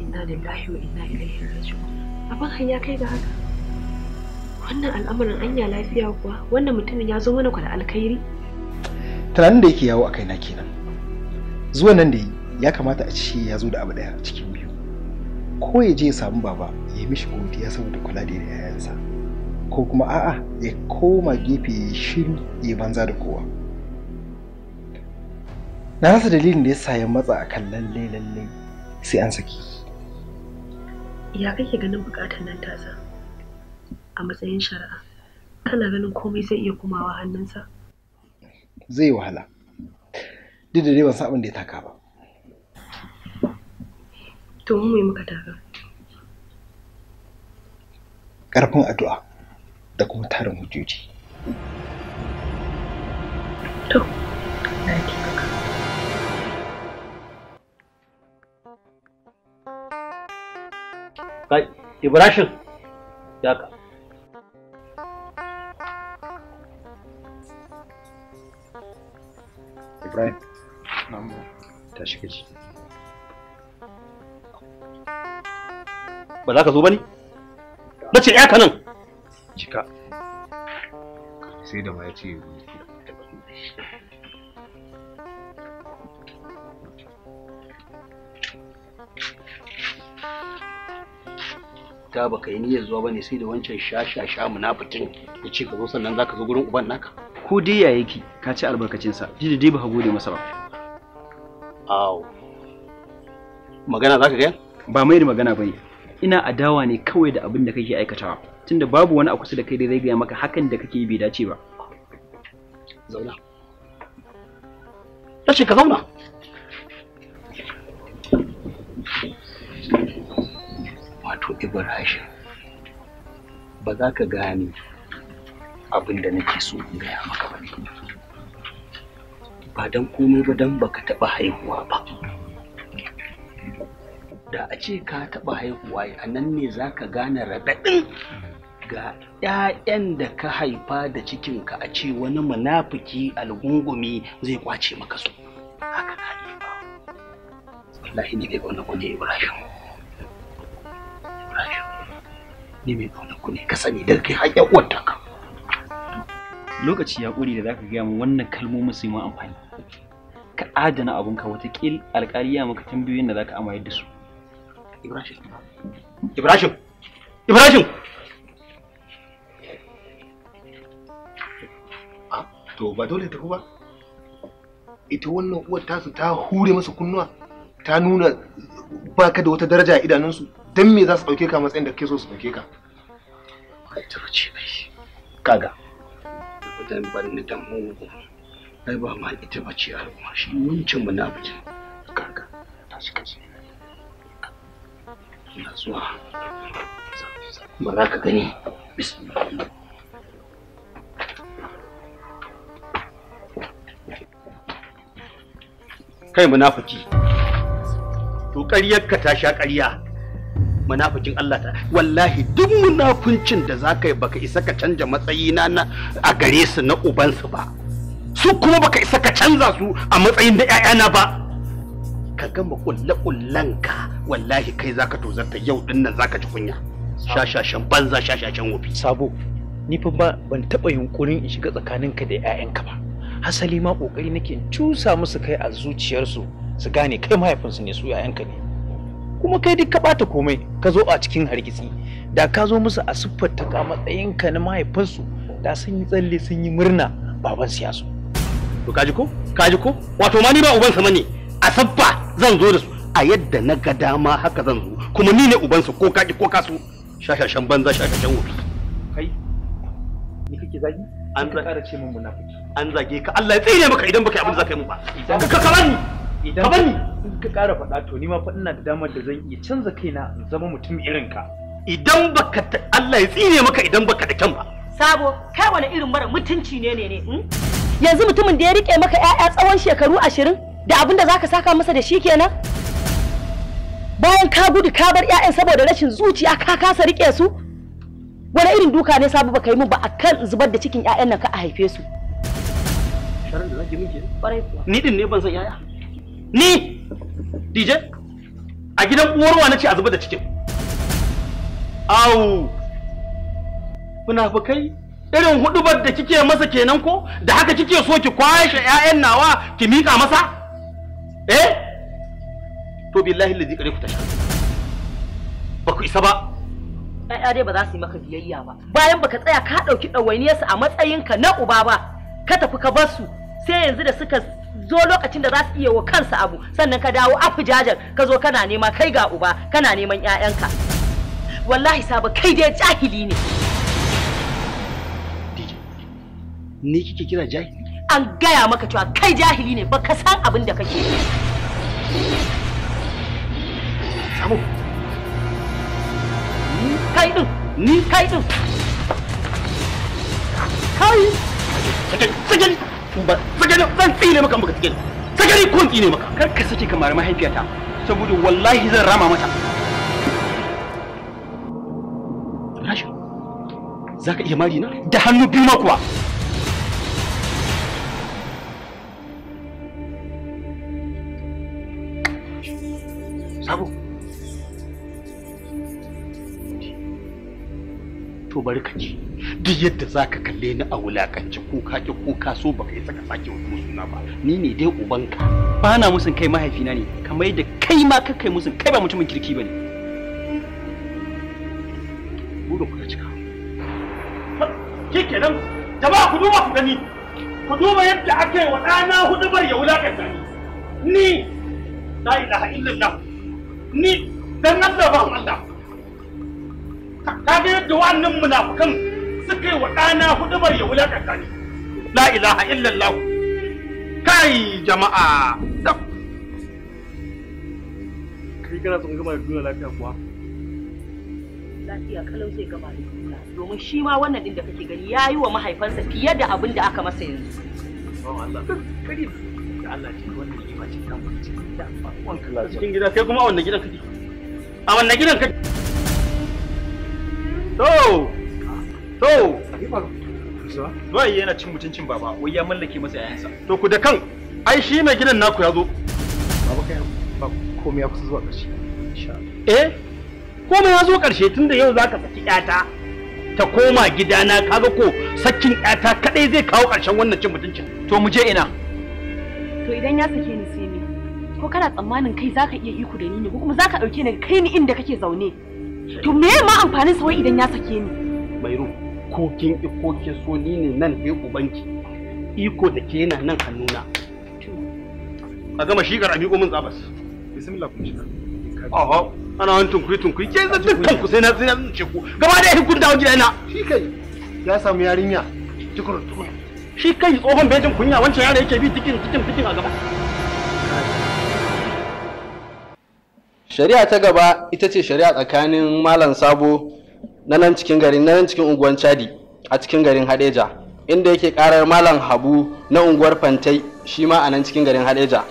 Ina da wa ina ilaihi raji'un. Abin har kai ga haka. wannan al'amarin anya lafiya kuwa wannan mutumin ya zo mana kwa da alkhairi tunanin da yake yawo a kaina kenan zuwa nan da yi ya kamata a ce ya zo da abu daya cikin biyu ko ya je ya samu baba ya yi mishi godiya saboda kula da yayansa ko kuma a'a ya koma gefe ya shiru ya banza da kowa na rasa dalilin da ya sa ya matsa a kan lalle lalle sai an saki ya kake ganin bukatar nan tasa a matsayin shari'a kana ganin komai zai iya komawa hannunsa zai yi wahala duk da dai ban san abin da ya taka ba to mu yi muka taka ƙarfin addu'a da kuma tarin hujjoji to Ibrahim, ya ka. Ibrahim. Tashi ka ci. Ba za ka zo ba ni? Na ce ‘ya kanan. Cika. Sai da ma ya ce ta baka yi niyyar zuwa ne sai da wancan sha sha sha munafikin ya ce ka zo sannan ka zo gurin uban naka ko dai ya yake ka ci albarkacinsa Ji da dai ba gode masa ba aw magana zaka ga ba mai da magana bane ina adawa ne kawai da abin da kake aikatawa tunda babu wani a kusa da kai da zai gaya maka hakan da kake bai dace ba zauna tashi ka zauna wato ibrahim ba za ka gane abin da nake so in gaya maka ba ba don komai ba don baka taɓa haihuwa ba da a ce ka taɓa haihuwa a nan ne za ka gane raɗaɗin ga 'ya'yan da ka haifa da cikinka a ce wani munafiki algungumi zai kwace maka su haka na yi ba wallahi ne bai ƙauna ku ibrahim ibrahim ne mai ƙauna ku ka sani daga kai har 'yan uwar taka lokaci ya ƙuri da za ka gaya min wannan kalmomin su yi amfani ka adana abunka watakil alƙali ya maka tambayoyin da ka amayar da su ibrahim ibrahim ah, to ba dole ta ba ita wannan uwar tasu ta hure masa kunnuwa ta nuna baka da wata daraja a idanunsu don me za su ɗauke ka matsayin da ke so su ɗauke ka kaga dan ni dan mugu ba ma ita ba ce haruma shi ta shi kace zuwa ba za ka gani bismillah kai munafiki to ƙaryarka ta sha ƙarya munafikin Allah ta wallahi duk munafuncin da za baka isa ka canja matsayina na a gare su na ubansu ba su kuma baka isa ka canza su a matsayin da na ba ka gama kulle ka wallahi kai zaka tozarta yau din nan zaka ji kunya shashashan banza shashashan wofi sabo ni fa ba ban taba yunkurin in shiga tsakaninka da 'ya'yanka ba hasali ma kokari nake cusa musu kai a zuciyarsu su gane kai mahaifinsu ne su 'ya'yanka ne kuma kai duk ka bata komai ka zo a cikin hargitsi da ka zo musu a siffarta ka matsayinka na mahaifinsu da sun yi tsalle sun yi murna baban siyasu to kaji ko kaji ko wato ma ni ba ubansa mani a sabba zan zo da su a yadda na ga dama haka zan zo kuma ni ne ubansa ko kaki ko kasu shashashan banza shashashan wofi kai ni kake zagi an zage ka Allah ya tsire maka idan baka yi abin da zaka yi mun ba ka kalani idan ka in ka ƙara faɗa to ni ma fa ina da damar da zan iya canza kaina in zama mutum irin ka idan baka Allah ya tsine maka idan baka da kyan ba sabo kai wani irin mara mutunci ne ne ne hmm? yanzu mutumin da ya rike maka ƴaƴa tsawon shekaru ashirin da abin da zaka saka masa da shi kenan bayan ka gudu ka bar ƴaƴan saboda rashin zuciya ka kasa rike su wani irin duka ne sabu baka yi min ba akan zubar da cikin ƴaƴan nan ka a haife su sharan da zaki min ke ni din ne ban san ƴaƴa ni dj a gidan uwarwa na ce a zuba da cikin au munafukai irin hudubar da kike masa kenan ko da haka kike so ki kwashe 'ya'yan nawa ki mika masa eh to billahi lazi kare ku tasha ba ku isa ba ƴaƴa dai ba za su yi maka biyayya ba bayan baka tsaya ka ɗauki ɗawainiyarsu a matsayinka na uba ba ka tafi ka bar su sai yanzu da suka zo lokacin da za su iya wa kansa abu sannan ka dawo afijajar ka zo kana nema kai ga uba kana neman 'ya'yanka wallahi sabu kai dai jahili ne ni kike kira jahili an gaya maka cewa kai jahili ne baka san abin da kake Samu. Kai din, ni kai din. Kai. Sakin, sakin. ba sake ni zan tsine maka sake sake ni ko tsine maka kar ka sake ka mahaifiyata saboda wallahi zan rama mata iya mari na da hannu biyu ma kuwa Sabo. to bari ka ji duk yadda za ka kalle ni a wulakanci ko ka ki ko ka so baka yi saka sake wato suna ba ni ne dai ubanka ba na musun kai mahaifina ne kamar yadda kai ma ka kai musun kai ba mutumin kirki ba ne burin ku ta cika kenan jama'a ku duba ku gani ku duba yadda aka yi wa ɗana hudu bar ya wulakanta ni ni la ilaha illallah ni dan Allah ba Allah ka ga yadda wa'annan munafukan suka yi wa ɗana hudubar ya wulaƙanta ni la ilaha illallah kai jama'a dab kai kana son gama da duniya lafiya kuwa lafiya kalau zai gama da duniya domin shi ma wannan din da kake gani ya yi wa mahaifansa fiye da abin da aka masa yanzu Allah ce da Allah ce wannan ni'ima ce ta mutunci da cikin gida kai kuma a wannan gidan kake a wannan gidan kake To! To! Zuwa yana cin mutuncin baba, wai ya mallake masa yayansa. To ku da kan, ai shi mai gidan naku ya zo. Baba kai ba komai ya kusa zuwa ƙarshe. Eh? Komai ya zo ƙarshe da yau za ka saki ƴata ta koma gidana kaga ko sakin ƴata kaɗai zai kawo ƙarshen wannan cin mutuncin. To mu je ina? To idan ya sake ni sai ko kana tsammanin kai zaka iya iko da ni ne ko kuma zaka ɗauke ni kai ni inda kake zaune. To me ma amfanin sa idan ya sake ni? Mairu, ko kin ki ko ke so ni ne nan sai ubanki. Iko da ke yana nan hannuna. A gama shi garami ko mun tsabas. Bismillah kun shiga. Aha, ana wani tunkuri tunkuri ke zan dukkan ku sai na sai na ce ku. Gaba da hukun dawo gidana. Shi kai ya samu yarinya. Tukuru tukuru. Shi kai tsohon bejin kunya wancan yare yake bi tikin tikin tikin a gaba. shari'a ta gaba ita ce shari'a tsakanin malam sabo na nan cikin garin nan cikin unguwan chadi a cikin garin hadeja inda yake karar malam habu na unguwar fantai shi ma a nan cikin garin hadeja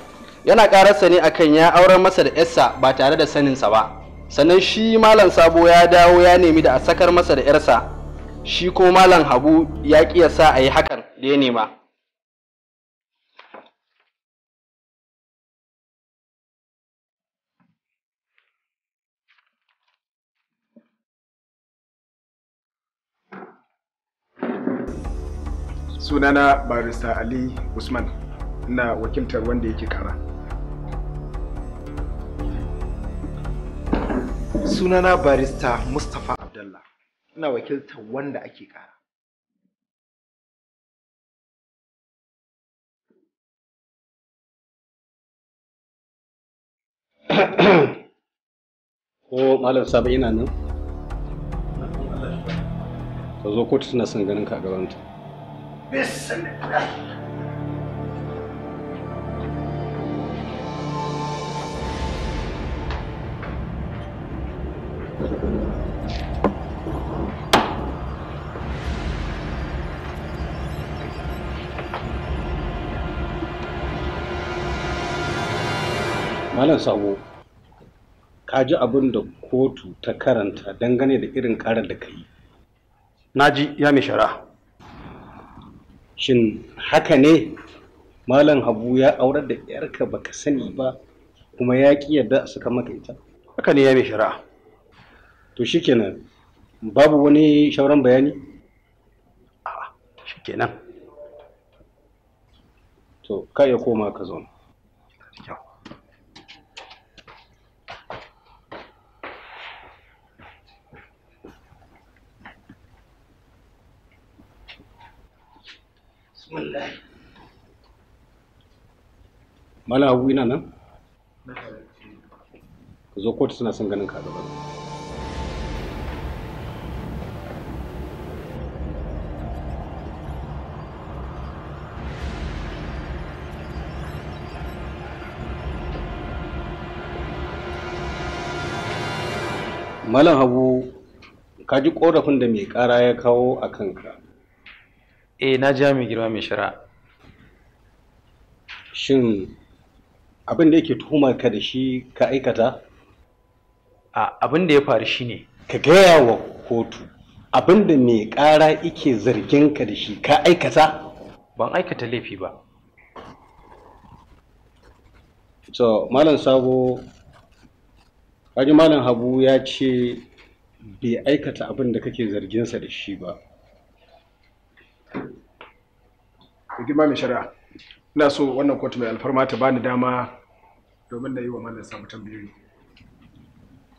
yana kararsa ne akan ya auren masa da yarsa ba tare da saninsa ba sannan shi malam sabo ya dawo ya nemi da a sakar masa da yarsa shi ko malam habu ya ƙi ya sa a yi hakan da ya nema sunana barista ali usman na wakiltar wanda yake kara sunana barista mustapha abdallah ina wakiltar wanda ake kara ko malam sabi ina nan ka zo kotu suna son ganin ka a gabanta Malam Sabo, ka ji abin da kotu ta karanta dangane da irin karar da ka yi. Na ji ya mai shara. shin haka ne malam habu ya aurar da yarka baka sani ba kuma ya ki yarda a saka maka ita haka ne ya mai shari'a to shikenan babu wani shauran bayani a shikenan to ka iya koma ka zauna wallahi mala abu ina nan ka zo kotu suna son ganin ka gaba Malam Habu, ka ji ƙorafin da mai ƙara ya kawo a kanka. eh na ja mai girma mai shara shin abin da yake tuhuma ka da shi ka aikata a abin da ya faru shine ka gaya wa kotu abin da mai ƙara ike zargin ka da shi ka aikata ban aikata laifi ba so malam sabo kaji malam habu ya ce bai aikata abin da kake zarginsa da shi ba da girma mai shari'a ina so wannan kotu mai alfarma ta bani dama domin na yi wa mallan samu tambayoyi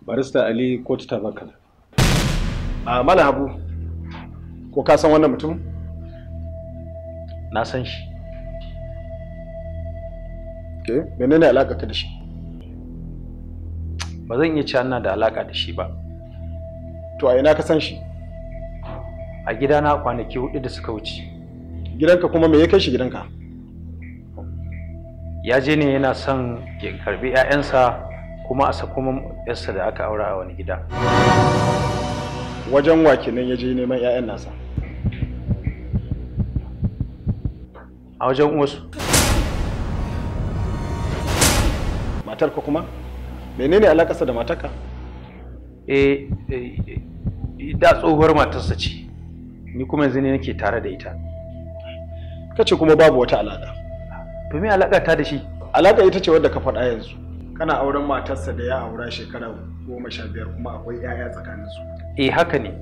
barista ali kotu ta baka a mana habu ko ka san wannan mutum na san shi ke menene alaka ka da shi ba zan iya cewa ina da alaka da shi ba to a ina ka san shi a gidana kwanaki hudu da suka wuce gidanka kuma me ya kai shi gidanka ya je ne yana son ya karbi 'ya'yansa kuma a sakuma yarsa da aka aura a wani gida wajen wakilin ya je neman ƴaƴan nasa a wajen wasu matarka kuma menene sa da matarka eh, eh, eh da tsohuwar matarsa ce ni kuma yanzu ne nake tare da ita kace kuma babu wata alaƙa? to me alaƙa ta da shi alaka ita ce wadda ka faɗa yanzu kana auren matarsa da ya aura shekara goma sha biyar kuma akwai 'ya'ya tsakaninsu eh haka ne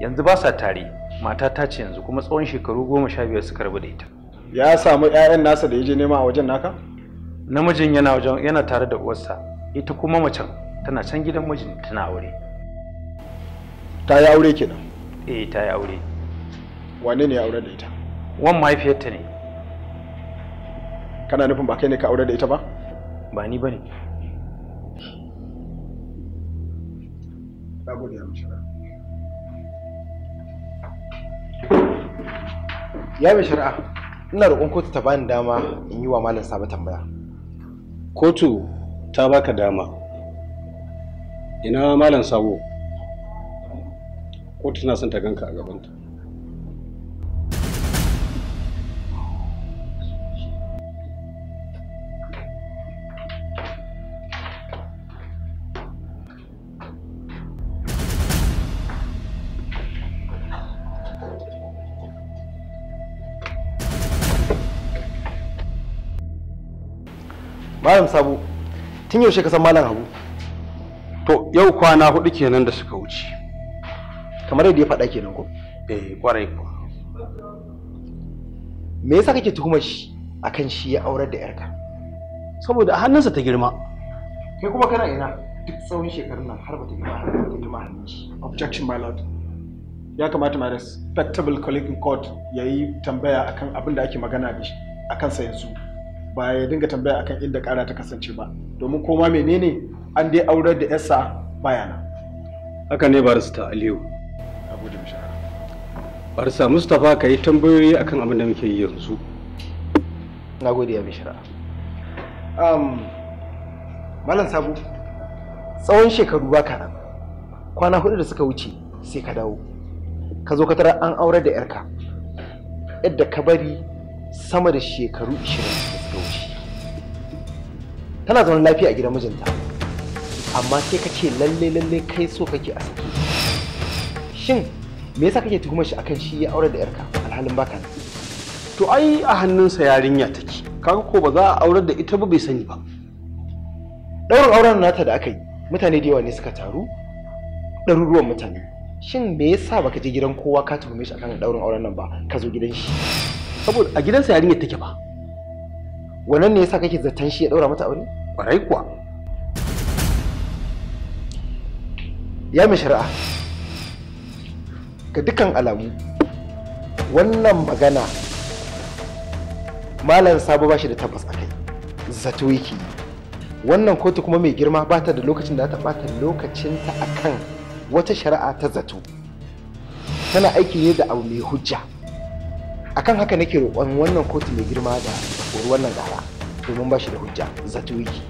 yanzu ba sa tare mata ta ce yanzu kuma tsawon shekaru goma sha biyar suka rabu da ita ya samu 'ya'yan nasa da ya je nema a wajen naka namijin yana wajen yana tare da uwarsa ita kuma macen tana can gidan mijin tana aure ta yi aure kenan eh ta yi aure wane ne ya aure da ita wan mahaifiyarta ne kana nufin ba kai ne ka aure da ita ba ba ni ba ne. ya mai shari'a ina roƙon kotu ta bani dama in yi wa malam sabo tambaya kotu ta baka dama ina malam sabo kotu tana son ta ganka a gabanta malam sabo tun yaushe ka san malam habu to yau kwana hudu kenan da suka wuce kamar yadda ya faɗa kenan ko eh kwarai ko me yasa kake tuhumar shi akan shi ya aurar da yarka saboda a hannunsa ta girma kai kuma kana ina duk tsawon shekarun nan har ba ta girma har ba ta girma objection my lord ya kamata my respectable colleague in court yayi tambaya akan abin da ake magana da shi akan sa yanzu ba ya dinga tambaya akan inda ƙara ta kasance ba domin koma menene an dai aurar da yarsa bayana haka ne barista aliyu abu barista mustapha ka yi tambayoyi akan abin da muke yi yanzu na gode ya bishara malam sabu tsawon shekaru ba nan kwana hudu da suka wuce sai ka dawo ka zo ka tara an aurar da yarka yadda ka bari sama da shekaru 20 da wuce tana zaune lafiya a gidan mijinta amma sai ka ce lalle lalle kai so kake a saki shin me yasa kake tuhumar shi akan shi ya aure da yarka alhalin baka to ai a hannunsa yarinya take kaga ko ba za a aurar da ita ba bai sani ba ɗaurin auren nata da aka yi mutane da yawa ne suka taru ɗaruruwan mutane shin me yasa baka je gidan kowa ka tuhume shi akan ɗaurin auren nan ba ka zo gidan shi saboda a gidansa yarinyar take ba wannan ne yasa kake zaton shi ya daura mata aure kwarai kuwa ya mai shari'a ga dukkan alamu wannan magana malam sabo ba shi da tabbas akai zato yake wannan kotu kuma mai girma ba ta da lokacin da ta bata lokacinta akan wata shari'a ta zato tana aiki ne da abu mai hujja akan haka nake roƙon wannan kotu mai girma da kori wannan gara domin ba shi da hujja zato wiki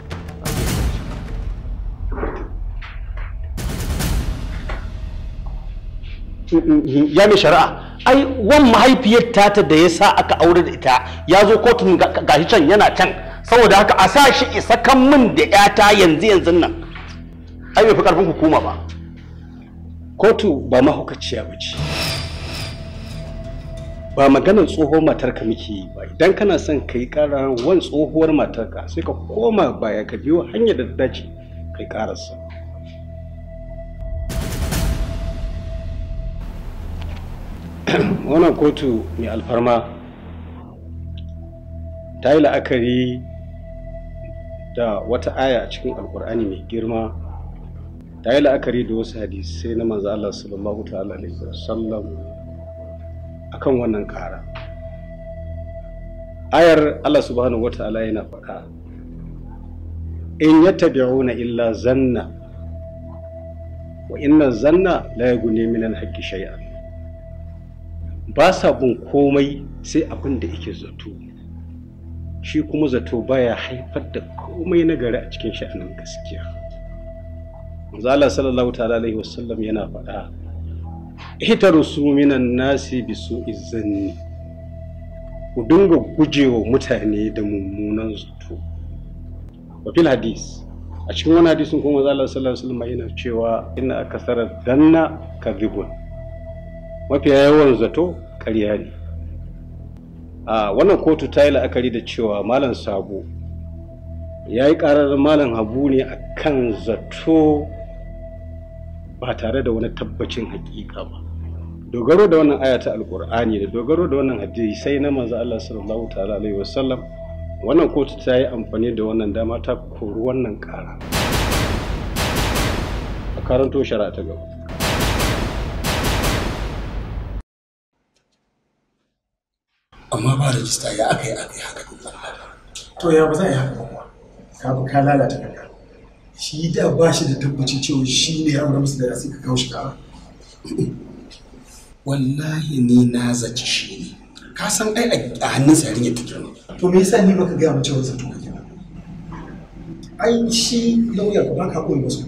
ya mai shari'a ai wan mahaifiyar tata da ya sa aka aure da ita ya zo kotun gashi can yana can saboda haka a sa shi isa kan min da yata yanzu yanzu nan ai bai fi karfin hukuma ba kotu ba mahaukaciya ba ce ba maganar tsohon matarka muke yi ba idan kana son ka yi ƙara wani tsohuwar matarka sai ka koma baya ka biyo hanya da ta dace ka yi ƙararsa wannan kotu mai alfarma ta yi la'akari da wata aya a cikin alkur'ani mai girma ta yi la'akari da wasu hadisai na manzo Allah sallallahu ta'ala alaihi wasallam akan wannan ƙara ayar Allah subhanahu wa ta'ala yana faɗa in yattabi'una illa zanna wa inna zanna la yaghni min al-haqqi ba sa bin komai sai abin da yake zato shi kuma zato baya haifar da komai na gari a cikin sha'anin gaskiya manzo Allah sallallahu ta'ala alaihi wasallam yana faɗa su minan nasi bi su'i zanni ku dinga gujewa mutane da mummunan zato wa fil hadis a cikin wani hadisin kuma za Allah sallallahu alaihi wasallam yana cewa inna akasara danna kadhibun mafiya yawan zato ƙarya ne a wannan kotu ta yi la'akari da cewa malam sabo ya yi ƙarar malam habu ne akan zato ba tare da wani tabbacin hakika ba dogaro da wannan aya ta alkur'ani da dogaro da wannan sai na manzo Allah sallallahu ta'ala alaihi wasallam wannan kotu ta yi amfani da wannan dama ta kori wannan kara a karanto shari'a ta gaba amma ba rajista ya aka yi aka yi haka to ya ba za a yi haka ba ka lalata shi da ba shi da tabbacin cewa shi ne ya aure musu da ya ka kawo shi kawo wallahi ni na zaci shi ne ka san ai a hannunsa yarinya ya girma to me yasa ni baka gaya mu cewa zato kake ba ai shi lauya ka koyi wasu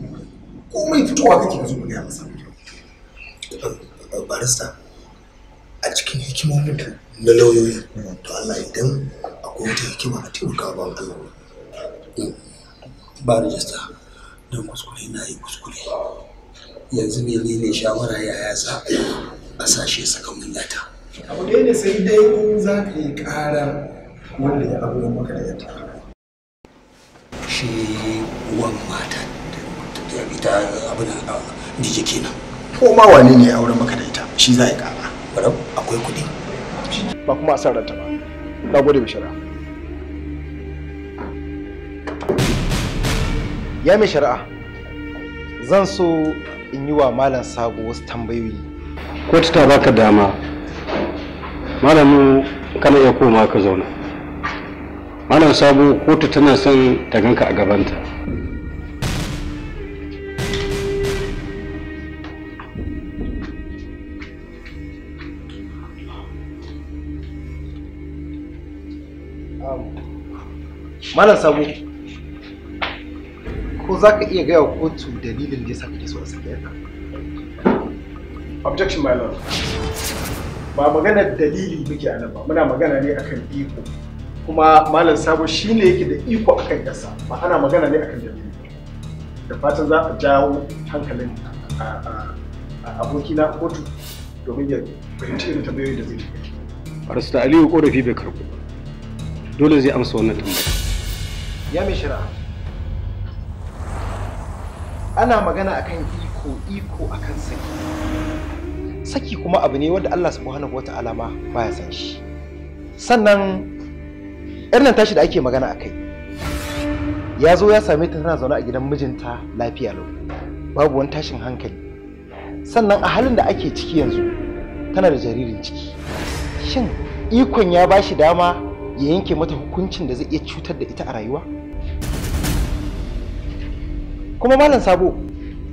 komai fitowa kake ka zo ka gaya masa barista a cikin hikimomin na lauyoyi to Allah idan akwai wata hikima a taimaka hmm. ba Allah ba rijista. don kuskure na yi kuskure yanzu ne ne shawara ya sa a sashe sakamakon yata abu da ne sai dai in za ka yi kara wanda ya abu maka da yata shi uwan mata da ita abin dije kenan ko ma wane ne ya aure maka da ita shi za ya ƙara barau akwai kuɗi ba kuma a san ranta ba na gode bishara ya mai shari'a zan so in yi wa malam sabo wasu tambayoyi kotu ta baka dama malamin kana iya koma ka zauna malam sabo kotu tana son ta ganka a gabanta malam sabo ko za ka iya gaya kotu dalilin da ya sa kake so a sake yarka objection my lord ba magana dalili muke a nan ba muna magana ne akan iko kuma malam sabo shine yake da iko akan kasa ba ana magana ne akan dalili da fatan za a jawo hankalin abokina kotu domin ya fahimci irin tambayoyin da zai tafi barista aliyu ƙorafi bai karɓo. dole zai amsa wannan tambaya ya mai shari'a ana magana akan iko iko akan saki saki kuma abu ne wanda Allah subhanahu wata'ala ma baya san shi sannan irin nan tashi da ake magana akai ya zo ya same ta tana zaune a gidan mijinta lafiya lau babu wani tashin hankali sannan a halin da ake ciki yanzu tana da jaririn ciki shin ikon ya bashi dama ya yanke mata hukuncin da zai iya cutar da ita a rayuwa kuma malam sabo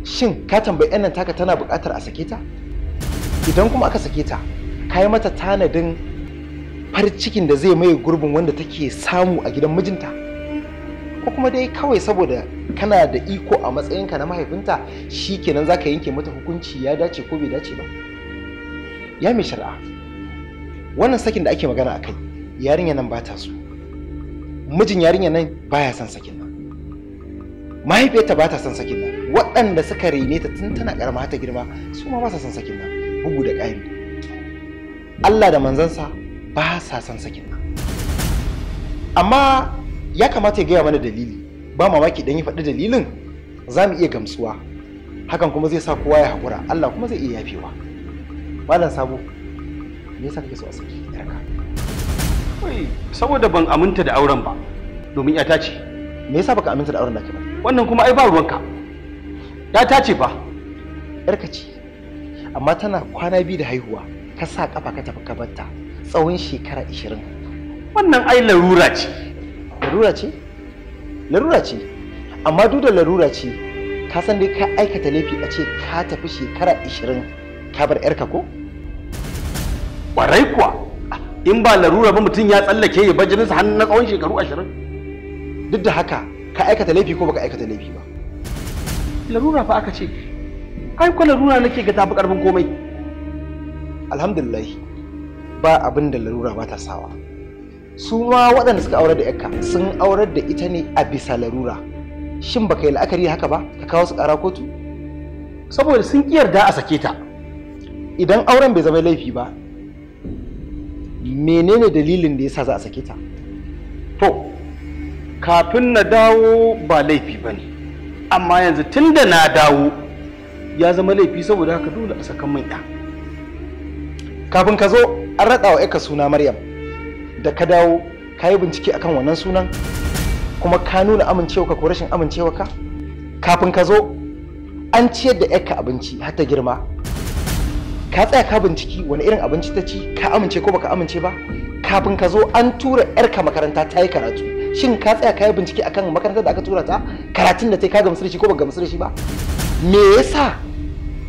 shin ka tambayi yan nan taka tana buƙatar a sake ta idan kuma aka sake ta ka yi mata tanadin farin cikin da zai maye gurbin wanda take samu a gidan mijinta ko kuma dai kawai saboda kana da iko a matsayinka na mahaifinta shi kenan za ka yanke mata hukunci ya dace ko bai dace ba ya mai shari'a wannan sakin da ake magana a kai yarinya nan ba ta so mijin yarinya nan baya son sakin mahaifiyarta ba ta son sakin nan waɗanda suka rene ta tun tana karama ta girma su ma ba sa son sakin nan bugu da ƙari Allah da manzansa ba sa son sakin nan amma ya kamata ya gaya mana dalili ba mamaki dan yi faɗi dalilin za mu iya gamsuwa hakan kuma zai sa kowa ya haƙura Allah kuma zai iya yafewa malam sabo me yasa kake so a saki yarka saboda ban aminta da auren ba domin ya tace me yasa baka aminta da auren nake ba wannan kuma ai ba ruwanka ya ta ce fa yarka ce amma tana kwana biyu da haihuwa ka sa kafa ka tafi kabarta tsawon shekara 20 wannan ai larura ce larura ce larura ce amma duk da larura ce ka san dai ka aikata laifi a ce ka tafi shekara 20 ka bar yarka ko kwarai kuwa in ba larura ba mutum ya tsallake ya bar jininsa har na tsawon shekaru 20 duk da haka ka aikata laifi ko baka aikata laifi ba larura fa aka ce ai ko larura nake ga tafi karfin komai alhamdulillah ba abin da larura ba ta sawa su ma waɗanda suka aurar da yakka sun aurar da ita ne a bisa larura shin baka yi la'akari haka ba ka kawo su ƙara kotu saboda sun ƙi da a sake ta idan auren bai zama laifi ba menene dalilin da yasa za a sake ta to kafin na dawo ba laifi ba ne amma yanzu tun da na dawo ya zama laifi saboda haka dole a sakan mai ɗa kafin ka zo an raɗa wa ka suna maryam da ka dawo ka yi bincike akan wannan sunan kuma ka nuna amincewa ko rashin amincewa ka kafin ka zo an ciyar da ka abinci har ta girma ka tsaya ka binciki wani irin abinci ta ci ka amince ko baka amince ba kafin ka zo an tura yarka makaranta ta yi karatu shin ka tsaya ka yi bincike akan makarantar da aka tura ta karatun da ta ka gamsu da shi ko ba gamsu da shi ba me yasa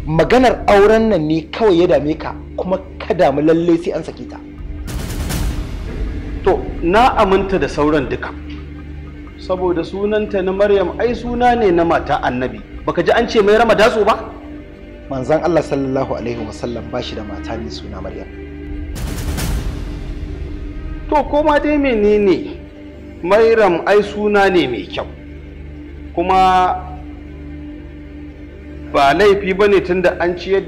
maganar auren nan ne kawai ya dame ka kuma ka damu lalle sai an sake ta to na aminta da sauran duka saboda sunanta na maryam ai suna ne na mata annabi baka ji an ce mai rama datsu ba Manzan allah sallallahu alaihi wasallam ba shi da mata ne suna maryam to koma dai menene mairam ai suna ne mai kyau kuma ba laifi ba ne tunda an ciyar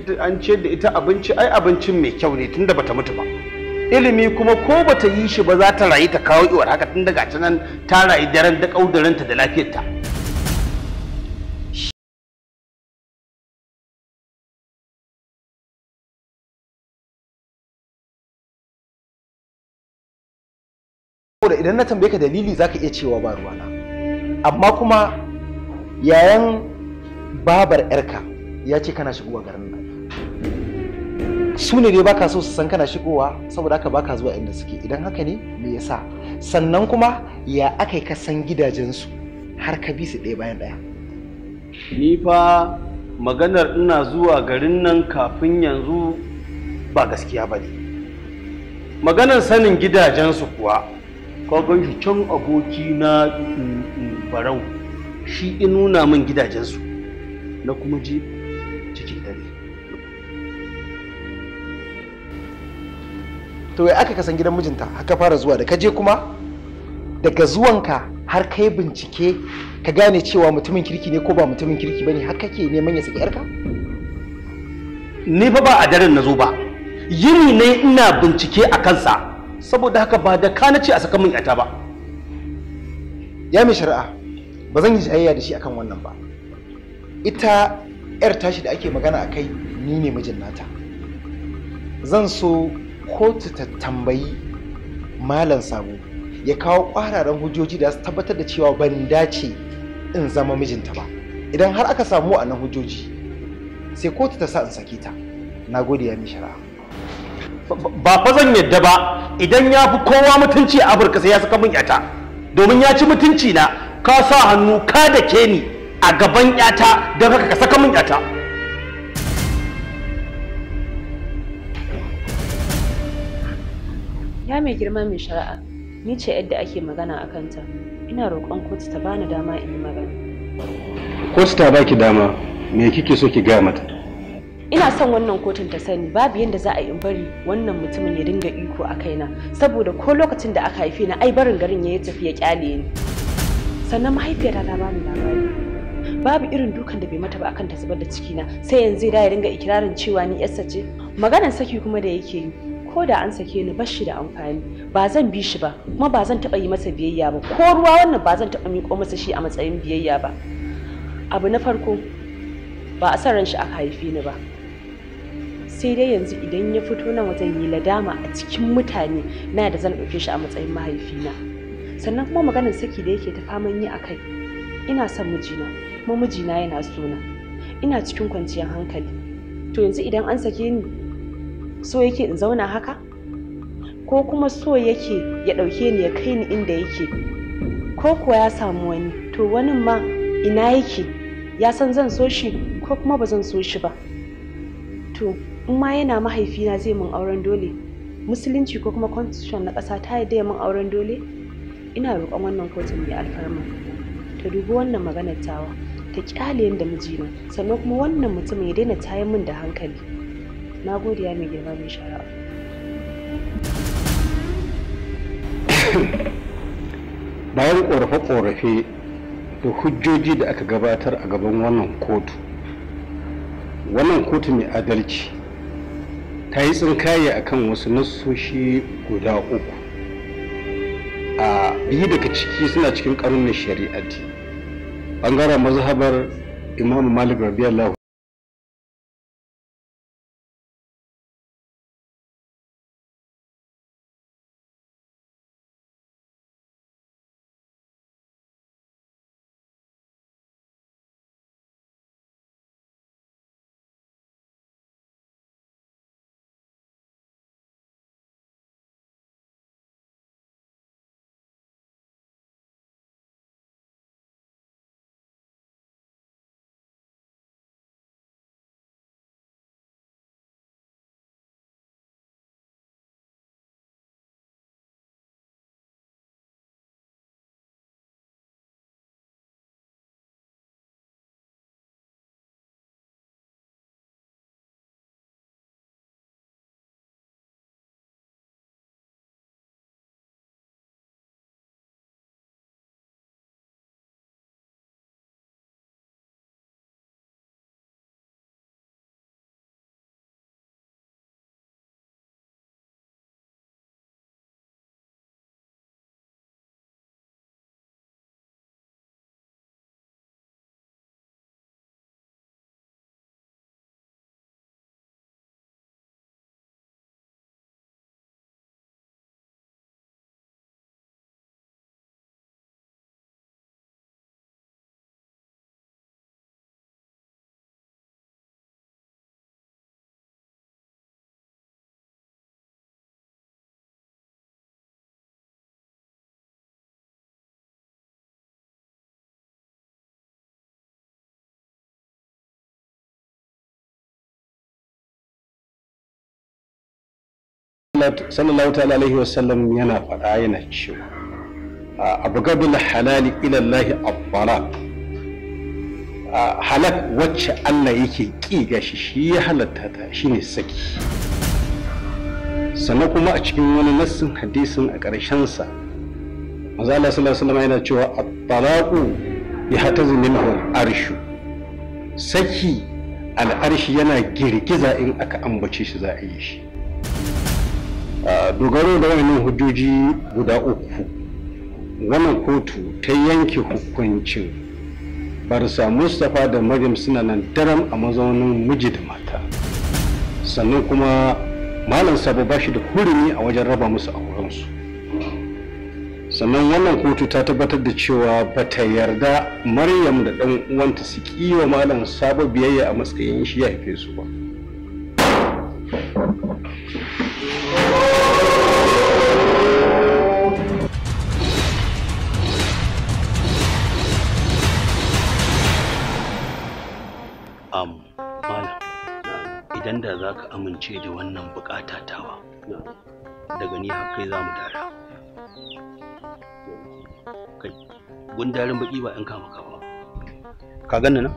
da ita abinci ai abincin mai kyau ne tunda bata mutu ba ilimi kuma ko bata yi shi ba za ta rayu ta kawo iwar haka tun daga nan ta rayu daren da ƙaudarinta da lafiyarta idan na tambaye ka dalili za ka iya cewa ba ruwana amma kuma yayan babar yarka ya ce kana shigowa garin nan su ne dai baka so su san kana shigowa saboda haka baka zuwa inda suke idan haka ne me yasa sannan kuma ya aka ka san gidajensu har ka bi su ɗaya bayan ɗaya ni fa maganar ina zuwa garin nan kafin yanzu ba gaskiya ba ne maganar sanin gidajensu kuwa gan shi can aboki na mm, mm, barau shi in nuna min gidajensu na kuma ji cikin dare to ya aka kasan gidan mijinta haka fara zuwa da kaje kuma daga zuwanka har kai bincike ka gane cewa mutumin kirki ne ko ba mutumin kirki bane har kake neman ya saki yarka ni fa ba a daren na zo ba yini ne ina bincike a kansa saboda haka ba da kana ce a saka min yata ba ya mai shari'a ba zan yi jayayya da shi akan wannan ba ita yar tashi da ake magana a kai ni ne mijin nata zan so kotu ta tambayi malam sabo ya kawo ƙwararren hujjoji da su tabbatar da cewa ban dace in zama mijinta ba idan har aka samu a nan hujjoji sai kotu ta sa in sake ta na gode ya mai shari'a ba fa zan yadda ba idan ya fi kowa mutunci a Afirka sai ya saka min yata domin ya ci mutunci na ka sa hannu ka da ke ni a gaban yata don haka ka saka min yata ya mai girma mai shari'a ni ce yadda ake magana a kanta ina roƙon kotu ta bani dama in yi magana kotu ta baki dama me kike so ki gaya mata ina son wannan kotun ta sani babu yadda za a yi bari wannan mutumin ya dinga iko a kaina saboda ko lokacin da aka haife ni ai barin garin ya tafi ya kyale ni sannan mahaifiyata ta bani labari babu irin dukan da bai mata ba akan ta zubar da na sai yanzu da ya dinga ikirarin cewa ni yarsa ce maganar saki kuma da yake yi ko da an sake ni bashi da amfani ba zan bi shi ba kuma ba zan taɓa yi masa biyayya ba ko ruwa wannan ba zan taba miƙo masa shi a matsayin biyayya ba abu na farko ba a san ran shi aka haife ni ba sai dai yanzu idan ya fito nan wajen yi dama a cikin mutane na da zan ɗauke shi a matsayin mahaifina sannan kuma maganar saki da yake ta faman yi a kai ina son mijina kuma mijina yana sona ina cikin kwanciyar hankali to yanzu idan an sake ni so yake in zauna haka ko kuma so yake ya ɗauke ni ya kai ni inda yake ko kuwa ya samu wani to wani ma ina yake ya san zan so shi ko kuma ba zan so shi ba to in ma yana mahaifina zai min auren dole musulunci ko kuma constitution na ƙasa ta yarda ya min auren dole ina roƙon wannan kotun mai alfarma ta dubi wannan maganar tawa ta kyale yadda mijina sannan kuma wannan mutumin ya daina tayar min da hankali na gode ya mai girma mai shara'a bayan ƙorafe-ƙorafe da hujjoji da aka gabatar a gaban wannan kotu wannan kotu mai adalci ta yi tsinkaye a kan wasu nassoshi guda uku a biyu daga ciki suna cikin ƙarunan shari'ati ɓangaren mazhabar imam malik radiyallahu sallallahu ta'ala alaihi wasallam yana faɗa yana cewa abu gabil halali ilallahi abbala halak wacce Allah yake ƙi gashi shi ya halatta ta ne saki sannan kuma a cikin wani nassin hadisin a ƙarshensa maza Allah sallallahu alaihi yana cewa at-talaqu yahtaz minhu arshu saki al'arshi yana girgiza in aka ambace shi za a yi shi dogaro da wannan hujjoji guda uku wannan kotu ta yanke hukuncin barsa mustapha da maryam suna nan daram a mazaunin miji da mata sannan kuma malam sabo ba shi da hurumi a wajen raba musu aurensu sannan wannan kotu ta tabbatar da cewa ba ta yarda maryam da ɗan uwanta su kiwa malam sabo biyayya a matsayin shi ya haife su ba idan da za ka amince da wannan bukata tawa daga ni har kai za mu dara kai gundarin baki ba 'yan kama kama ka nan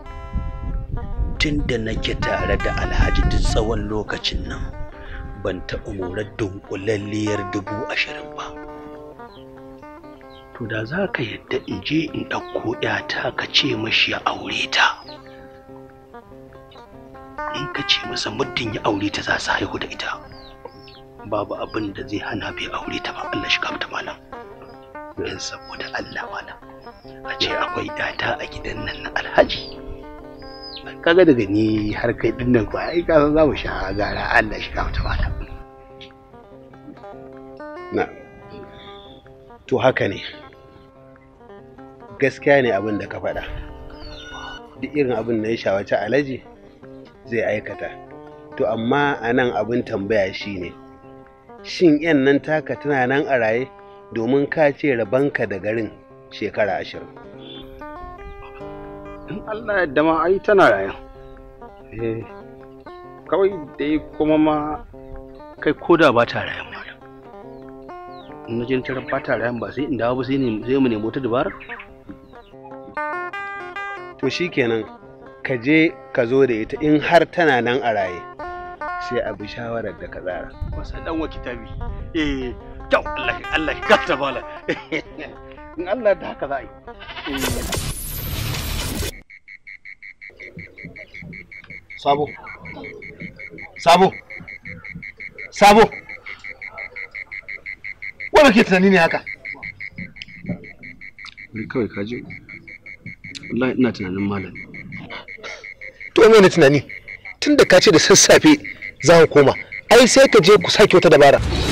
tun da nake tare da alhaji duk tsawon lokacin nan ban taɓa morar dunkulalliyar dubu ashirin ba to da za ka yadda in je in ɗauko 'yata ka ce mashi ya aure ta in ka ce masa muddin ya aure ta za su haihu da ita babu abin da zai hana bai aure ta ba Allah shi kamta malam don saboda Allah malam a ce akwai data a gidan nan na alhaji kaga daga ni har kai din nan ba ai ka san za mu sha gara Allah shi kamta malam na to haka ne gaskiya ne abin da ka faɗa duk irin abin da ya shawarci alhaji zai aikata to amma a nan abin tambaya shine shin yan nan taka tana nan a raye domin ka ce rabanka da garin shekara ashirin in allah yadda ma ai tana raye eh, kawai dai kuma ma kai koda ba ta raye malam in na jin tarar ba ta rayan ba sai in dawo ba sai mu nemi wata dabara to shikenan ka je ka zo da ita in har tana nan a raye sai a bi shawarar da ka tsara wasa dan wa kitabi eh kyau Allah Allah ka ta bala in Allah da haka za a yi eh. sabo sabo sabo wani ke tunani ne haka Wani kawai kaji wallahi ina tunanin malami to na tunani tunda ka ce da sassafe za mu koma ai sai ka je ku sake wata dabara